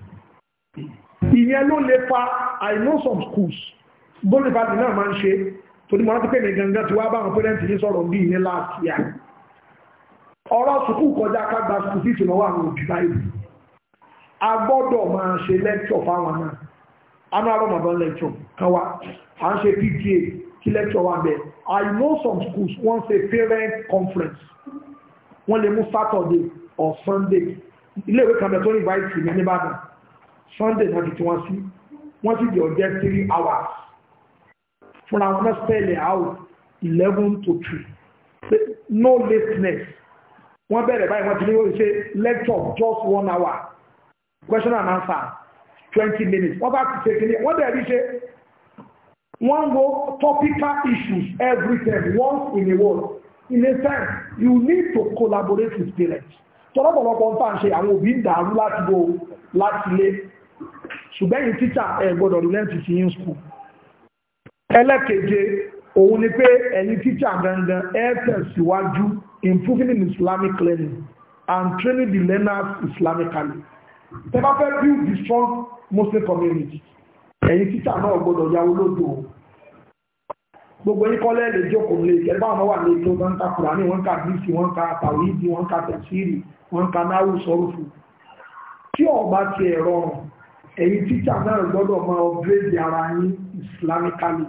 ìyẹn ló lè fa I know some schools bó lè fa ti náà máa ń ṣe torí mo rántí pé mi gangan ti wá bá àwọn parents yìí sọ̀rọ̀ bí ìyẹn láti yà ọ̀rọ̀ sùkú kọjá kágbà sùkú sí ìtìlọ́wọ́ àwọn òbí báyìí a gbọ́dọ̀ máa ṣe lẹ́kṣọ̀ fáwọn náà a máa rọ̀ màbọ̀ lẹ́kṣọ̀ kan wa à ń ṣe PTA kí lẹ́kṣọ̀ wa bẹ̀ I know some schools wọ́n ṣe parent conference wọ́n lè mú Saturday or Sunday iléèwé kan bẹ̀ tó ní invite mi nìbàdàn Sunday náà ti tí wọ́n sí wọ́n sì jẹ́ ọjọ́ three hours fúnra wọn náà spẹ́ẹ̀lì out eleven to three no lateness wọ́n bẹ̀rẹ̀ báyìí wọ́n ti ní wọ́n ṣe lecture just one hour question and answer twenty minutes wọ́n bá ṣe kìíní wọ́n bẹ̀rẹ̀ bí ṣe wọ́n wo topical issues every time once in a while in a time you need to collaborate with parents tọ́lọ́pọ̀lọpọ̀ ń fà ń ṣe àwọn òbí ń dàrú láti bo láti lé ṣùgbẹ́yìn teacher ẹ̀ gbọ́dọ̀ relent to in school ẹlẹ́keje òun ni pé ẹ̀yin teacher gangan ẹ tẹ̀síwájú improving islamic learning and training the learners islamically tẹ́ bá fẹ́ build the strong muslim community ẹ̀yin teacher náà gbọ́dọ̀ yàwó lódò gbogbo yín kọ́lẹ́ lè jókòó lè kẹ́lẹ́ báwọn wà ní ètò wọn ń ka kùránì wọn ń ka bíìsì wọn ń ka tàwíìdì wọn ń ka tẹ̀síìrì wọn ń ka náwó sọ́rùfù tí ọba ti ẹ̀rọ ẹ̀yin teacher náà gbọ́dọ̀ máa upgrade ara yín islamically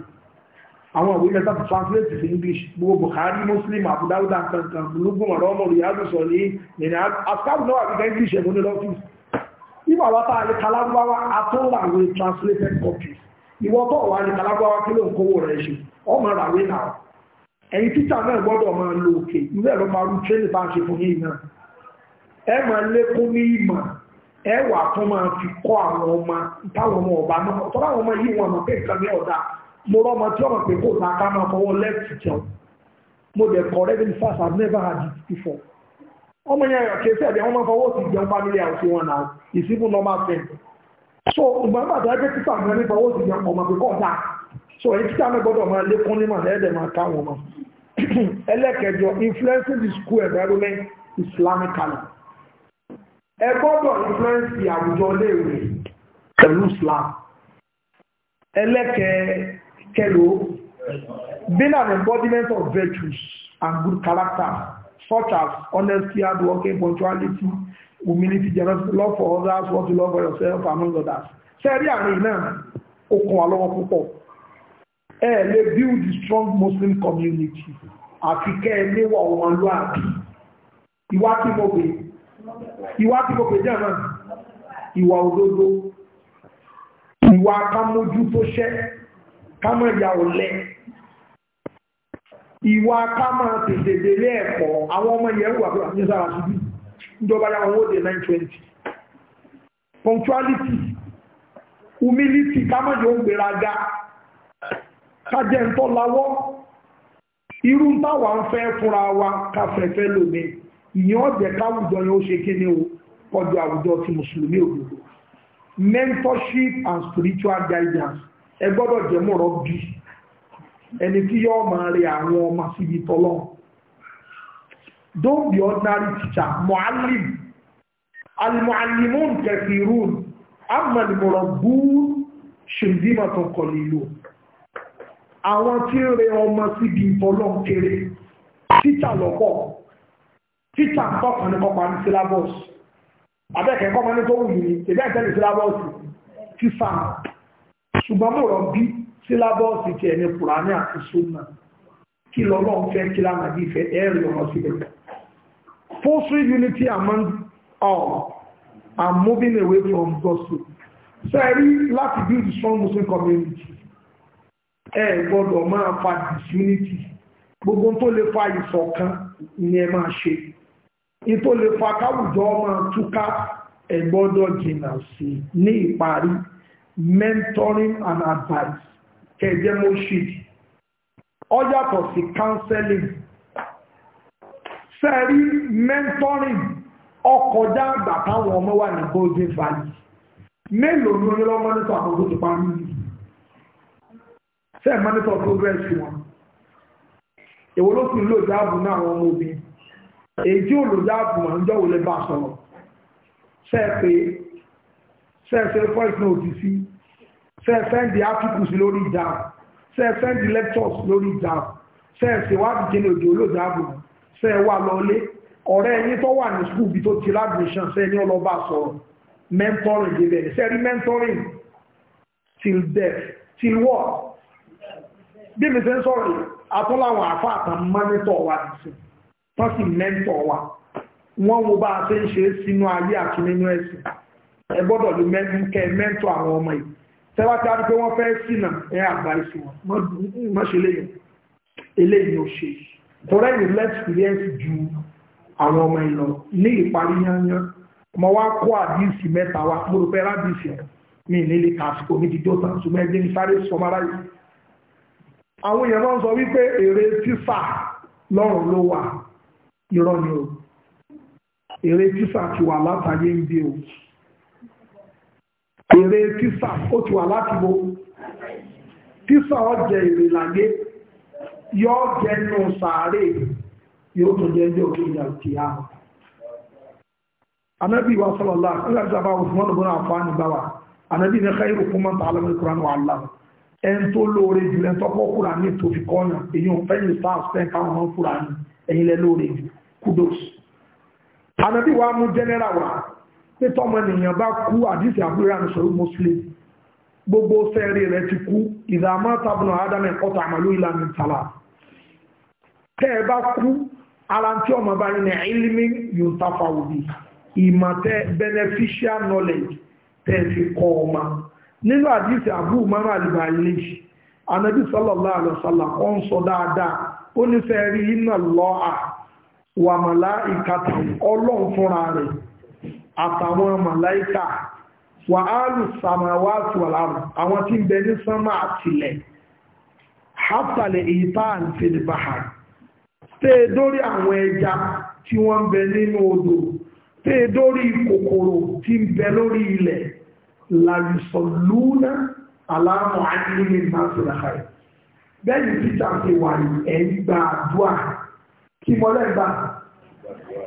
àwọn ìwé mẹ́ta tó translate sí English gbogbo buhari Muslim Abu Dawud kankan lógún ọ̀rọ̀ ọmọ ìyáàdù sọ ní ìrìn àkáàbù náà English ẹ̀mọ́ ní lọ́fíìsì ìwà wátá àlè kalágbáwá atọ́wà copies ìwọ tó wà ní kalágbáwá kí ló ń kówó rẹ̀ ṣe ọmọ ràwé náà ẹ̀yin títà náà gbọ́dọ̀ lo oke ọba náà tọ́lá àwọn ọmọ mo rọ́mọ tí ọmọ pé kò ta ká máa fọwọ́ lẹ́ẹ̀tì jẹun mo dẹ̀ kọ́ rẹ́gẹ́lì fast I've never had it before ọmọ yẹn kìí sẹ́ẹ̀dì àwọn ọmọ fọwọ́ sí jẹun family house wọn náà even normal thing so ìgbà bàtà ẹgbẹ́ títà mi nípa owó sí jẹun ọmọ pé kọ́ ta so èyí títà mi gbọ́dọ̀ máa lékún ní màá ẹ̀ẹ́dẹ̀ máa ká wọn náà ẹlẹ́kẹjọ influencing the school environment islamically ẹ gbọ́dọ̀ influence àwùjọ léèrè pẹ̀lú islam ẹlẹ́kẹ̀ẹ́ Hello. Being an embodiment of virtues and good character, such as honesty, hard working, punctuality, humility, generosity, love for others, what you love for yourself, among others. Sẹ́rí àárín náà, okun wa lọ́wọ́ púpọ̀. Ẹ lè build a strong Muslim community. Àfi kẹ́ ẹ léwọ̀ wọn ló àbí. Ìwà tí mo pè ìwà tí mo pè jẹ́ náà. Ìwà òdodo. Ìwà akámójú tó ṣẹ́ kámọ̀ ìyá ọ̀lẹ ìwà kámọ̀ tètè délé ẹ̀kọ́ àwọn ọmọ yẹn wà fún àti sára síbí ìjọba yà wọn dé 920 punctuality humility kámọ̀ yóò gbéraga kájẹ́ ń tọ́ lawọ́ irú táwa ń fẹ́ fúnra wa káfẹ́fẹ́ lómi ìyẹn ọ̀jẹ̀ káwùjọ yẹn ṣe kí ni o kọjú àwùjọ ti mùsùlùmí òdodo mentorship and spiritual guidance ẹ gbọ́dọ̀ jẹ́ mọ̀rọ̀ bí ẹni tí yóò máa rẹ àwọn ọmọ síbi tọ́lọ́ don't be ordinary teacher mu'allim al-mu'allimun kathirun amma al-murabbun shundimatun qalilun àwọn tí ń rẹ ọmọ síbi tọ́lọ́ kéré títà lọ́pọ̀ títà tọ́kàn ní kọ́pa ní syllabus abẹ́kẹ̀ẹ́kọ́ mọ́ ní tó wù yìí ìbẹ́ ìtẹ́lẹ̀ syllabus fífà ṣùgbọ́n mo rọ̀ bí sílábọ̀ọ̀sì tiẹ̀ ní kùránì àti súnà kí lọ́lọ́run fẹ́ kí lánàbí fẹ́ ẹ̀rì ọ̀rọ̀ sílẹ̀ fostering unity among all and moving away from gossip sẹ́rí láti build strong Muslim community ẹ gbọ́dọ̀ máa fa disunity gbogbo tó lè fa ìṣọ̀kan ni ẹ máa ṣe ìtò lè fa káwùjọ máa túká ẹ gbọ́dọ̀ jìnnà sí ní ìparí mentoring and advice kẹjẹ mo ṣe ọ yàtọ̀ sí counseling sẹ́rí mentoring ọkọjá àgbà táwọn ọmọ wà ní golden valley mélòó ni onílọ́mọ nítorí àwọn tó ti parí yìí sẹ́ẹ̀ monitor progress wọn èwo ló fi lò jáàbù náà àwọn ọmọ obìnrin èyí tí ò lò jáàbù wọn ń jọ́wọ́ lè bá sọ̀rọ̀ sẹ́ẹ̀ pé sẹ́ẹ̀ ṣe voice note sí sẹ́ẹ̀sẹ́ndì articles lórí jam sẹ́ẹ̀sẹ́ndì lectures lórí jam sẹ́ẹ̀sẹ̀wádìí jẹ́ lòdì olóòdáàbò sẹ́ẹ̀wà lọlé ọ̀rẹ́ ẹni tó wà ní skúùbí tó ti lágbìṣàn sẹ́ẹ̀ni ọlọ́bà sọ̀rọ̀ mentoring dé bẹ̀rẹ̀ sẹ́ẹ̀rí mentoring till death till what bí mi ṣe ń sọ̀rọ̀ atọ́láwọn àfá àtàn mọ́nítọ̀ wa sí tán sì mentor wa wọ́n wo a ṣe ń ṣe sínú ayé àti nínú ẹ̀sìn ẹ gbọ́dọ̀ lè mẹ́tọ́ àwọn tẹ́wà tí a rí pé wọ́n fẹ́ sínà ẹ̀ àgbáyé sí wọn mọ́ṣe léyìn eléyìn ò ṣe tọ́rẹ́ ìlú experience ju àwọn ọmọ ìlọ ní ìparí yányán mo wá kó àdíìsì mẹ́ta wá mo rò pé rábìsì ẹ̀ mi nílé kásìkò mi ti jó tán ṣùgbọ́n ẹgbẹ́ ní sáré sọmárá yìí àwọn èèyàn náà sọ wípé èrè tísà lọ́rùn ló wà irọ́ ni o èrè tísà ti wà látàyé ń bí o èrè tísà ó ti wà láti bó tísà ọjẹ́ èrè làgé yọ́ jẹnu sàárè yóò tún jẹ́ ẹjọ́ òkè ìjà òkè àmà anábì wa sọ́lọ́lá nígbà tí a bá òsùnmọ́ lọ́gbọ́n àfáàní bá wa anábì ní ká ìrùkú mọ́ tààlà ní kúrán wà lá ẹn tó lóore jù lẹ́n tọ́pọ̀ kúrán ní tó fi kọ́nà èyí ò fẹ́yìn stars fẹ́ káwọn mọ́ kúrán ẹ̀yìn lẹ́ lóore jù kudos anábì wa mú general wa pé tọ́mọ ènìyàn bá kú àdìsí muslim gbogbo sẹ́ẹ̀rì rẹ̀ ti kú ìdààmú tábùnà adam ẹ̀kọ́tà àmàlú ìlànà ìtàlá tẹ́ ẹ bá kú ara tí ọmọ bá yín ní ilmi yuntafa òbí beneficial knowledge tẹ́ ti kọ́ ọmọ nínú àbúrò àtàwọn màláíkà wà áàlù sàmàwàtí wà láàrùn àwọn tí ń bẹ ní sánmà àtìlẹ̀ hátàlẹ̀ ìta àǹfẹ̀dìbàhà tẹ́ dórí àwọn ẹja tí wọ́n ń bẹ nínú odò tẹ́ dórí kòkòrò tí ń bẹ lórí ilẹ̀ làrùsọ̀ lúnà aláàmọ̀ àìlúmi nàṣìláhàì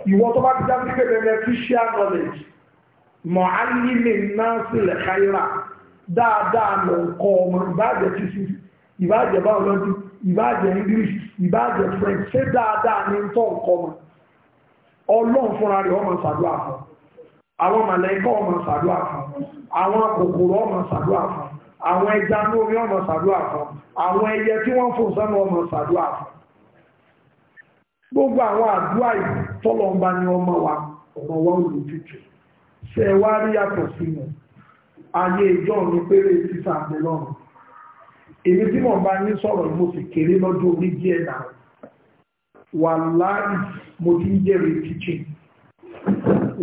ìwọ tó bá ti dá sí pé beneficial knowledge mọ̀ á nílé náà sílẹ̀ káyìrà dáadáa lọ kọ́ ọmọ ìbáàjẹ́ títí ìbáàjẹ́ biology ìbáàjẹ́ English ìbáàjẹ́ French ṣé dáadáa ní tọ́ nǹkan mọ́ ọlọ́run fúnra rẹ̀ ọmọ ṣàdúrà fún àwọn màlẹ́kọ́ ọmọ ṣàdúrà fún àwọn kòkòrò ọmọ ṣàdúrà fún àwọn ẹja ní omi ọmọ ṣàdúrà fún àwọn ẹyẹ tí wọ́n fò sánú ọmọ ṣàdúrà fún gbogbo àwọn àdúrà ìtọ́lọ̀ ní ọmọ wa ọmọ wa ò ṣe wá rí yàtọ̀ sí mi ayé ìjọ mi péré títà èmi ti ń jẹ́rìí teaching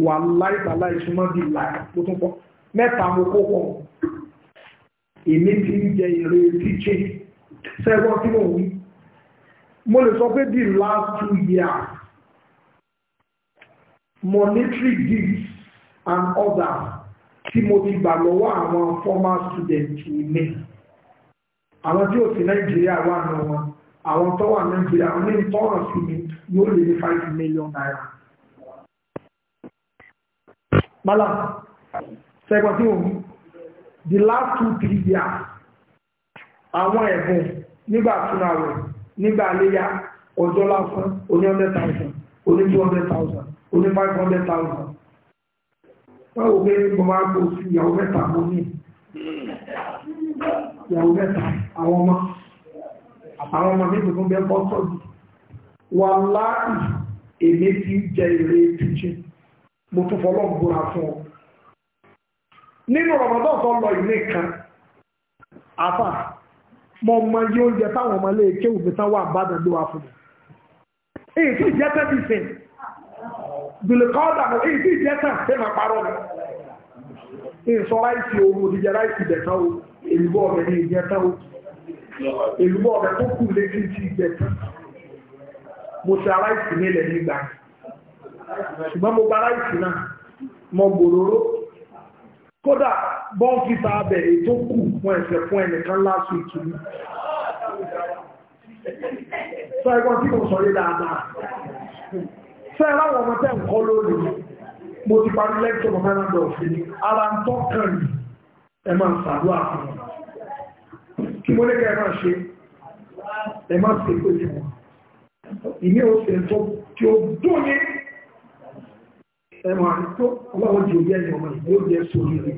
wàláì bàlá ìsúná bíi láì mo tún pọ̀ mẹ́ta mo ti ń mo lè sọ pé the last two years monetary gifts and other tí mo ti gbà lọ́wọ́ àwọn former students mi àwọn tí ò sí nàìjíríà wà náà wọn àwọn tó wà nàìjíríà wọn ní ìtọ́ràn sí mi yóò lè ní five million naira. Mala, sẹ́gbọ́n tí òun, the last two three years, àwọn ẹ̀bùn nígbà tún àwẹ̀ nígbà léyà ọjọ́ lásán oní hundred thousand oní two hundred thousand oní five hundred thousand báwo pé mo máa kó sí ìyàwó mẹ́ta mo ní ìyàwó mẹ́ta àwọn ọmọ àtàwọn ọmọ mi tuntun bẹ́ẹ̀ bọ́ sọ́ọ̀dù wàláì èmi ti jẹ èrè tìjì mo tún fọlọ́ gbóra fún ọ. nínú ọ̀rọ̀ náà tó lọ ilé kan afa mo mọ iye oúnjẹ táwọn ọmọ ilé kéwù mi tán wà bá dàgbé fún mi. èyí tí ìjẹ́ tẹ́ ti sìn bìlìkọ́dà mi èyí tí ìjẹ́ tẹ́ ṣé máa parọ́ mi. ìsọ ráìsì ooru òdìjẹ ráìsì o èlùbọ́ ọ̀bẹ ní ìjẹ́ o ọ̀bẹ tó kù ti ìjẹ́ mo ṣe nígbà ṣùgbọ́n gba náà gbòòrò kódà bọ́ǹkìtà abẹ ètò kù fún ẹsẹ̀ fún ẹnìkan lásù ìtùlú sọ ẹgbọ́n tí mo sọ yé dáadáa sọ ẹ láwọn ọmọ tẹ́ ń kọ́ lónìí mo ti parí lẹ́kítọ̀ mọ́ mẹ́rin ọ̀dọ̀ òfin ara ń tọ́ kàn yìí ẹ máa ṣàdúrà fún wọn kí mo lékẹ́ ẹ máa ṣe ẹ máa ṣe pé fún wọn ìní òsè tó tí ó dún ní ẹ máa tó ọlọ́wọ́ di òye ẹ̀yìn ọmọ ìgbé òye sórí rẹ̀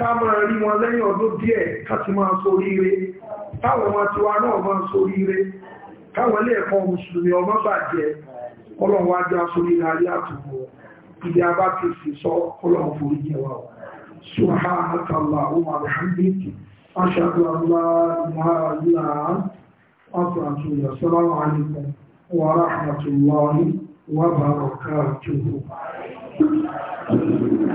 ká máa rí wọn lẹ́yìn ọdún díẹ̀ ká ti máa ṣoríire táwọn ọmọ tiwa náà máa ṣoríire káwọn ilé ẹ̀kọ́ mùsùlùmí ọmọ bàjẹ́ ọlọ́run wájú aṣoríire ayé àtùgbò sọ forí jẹ wa o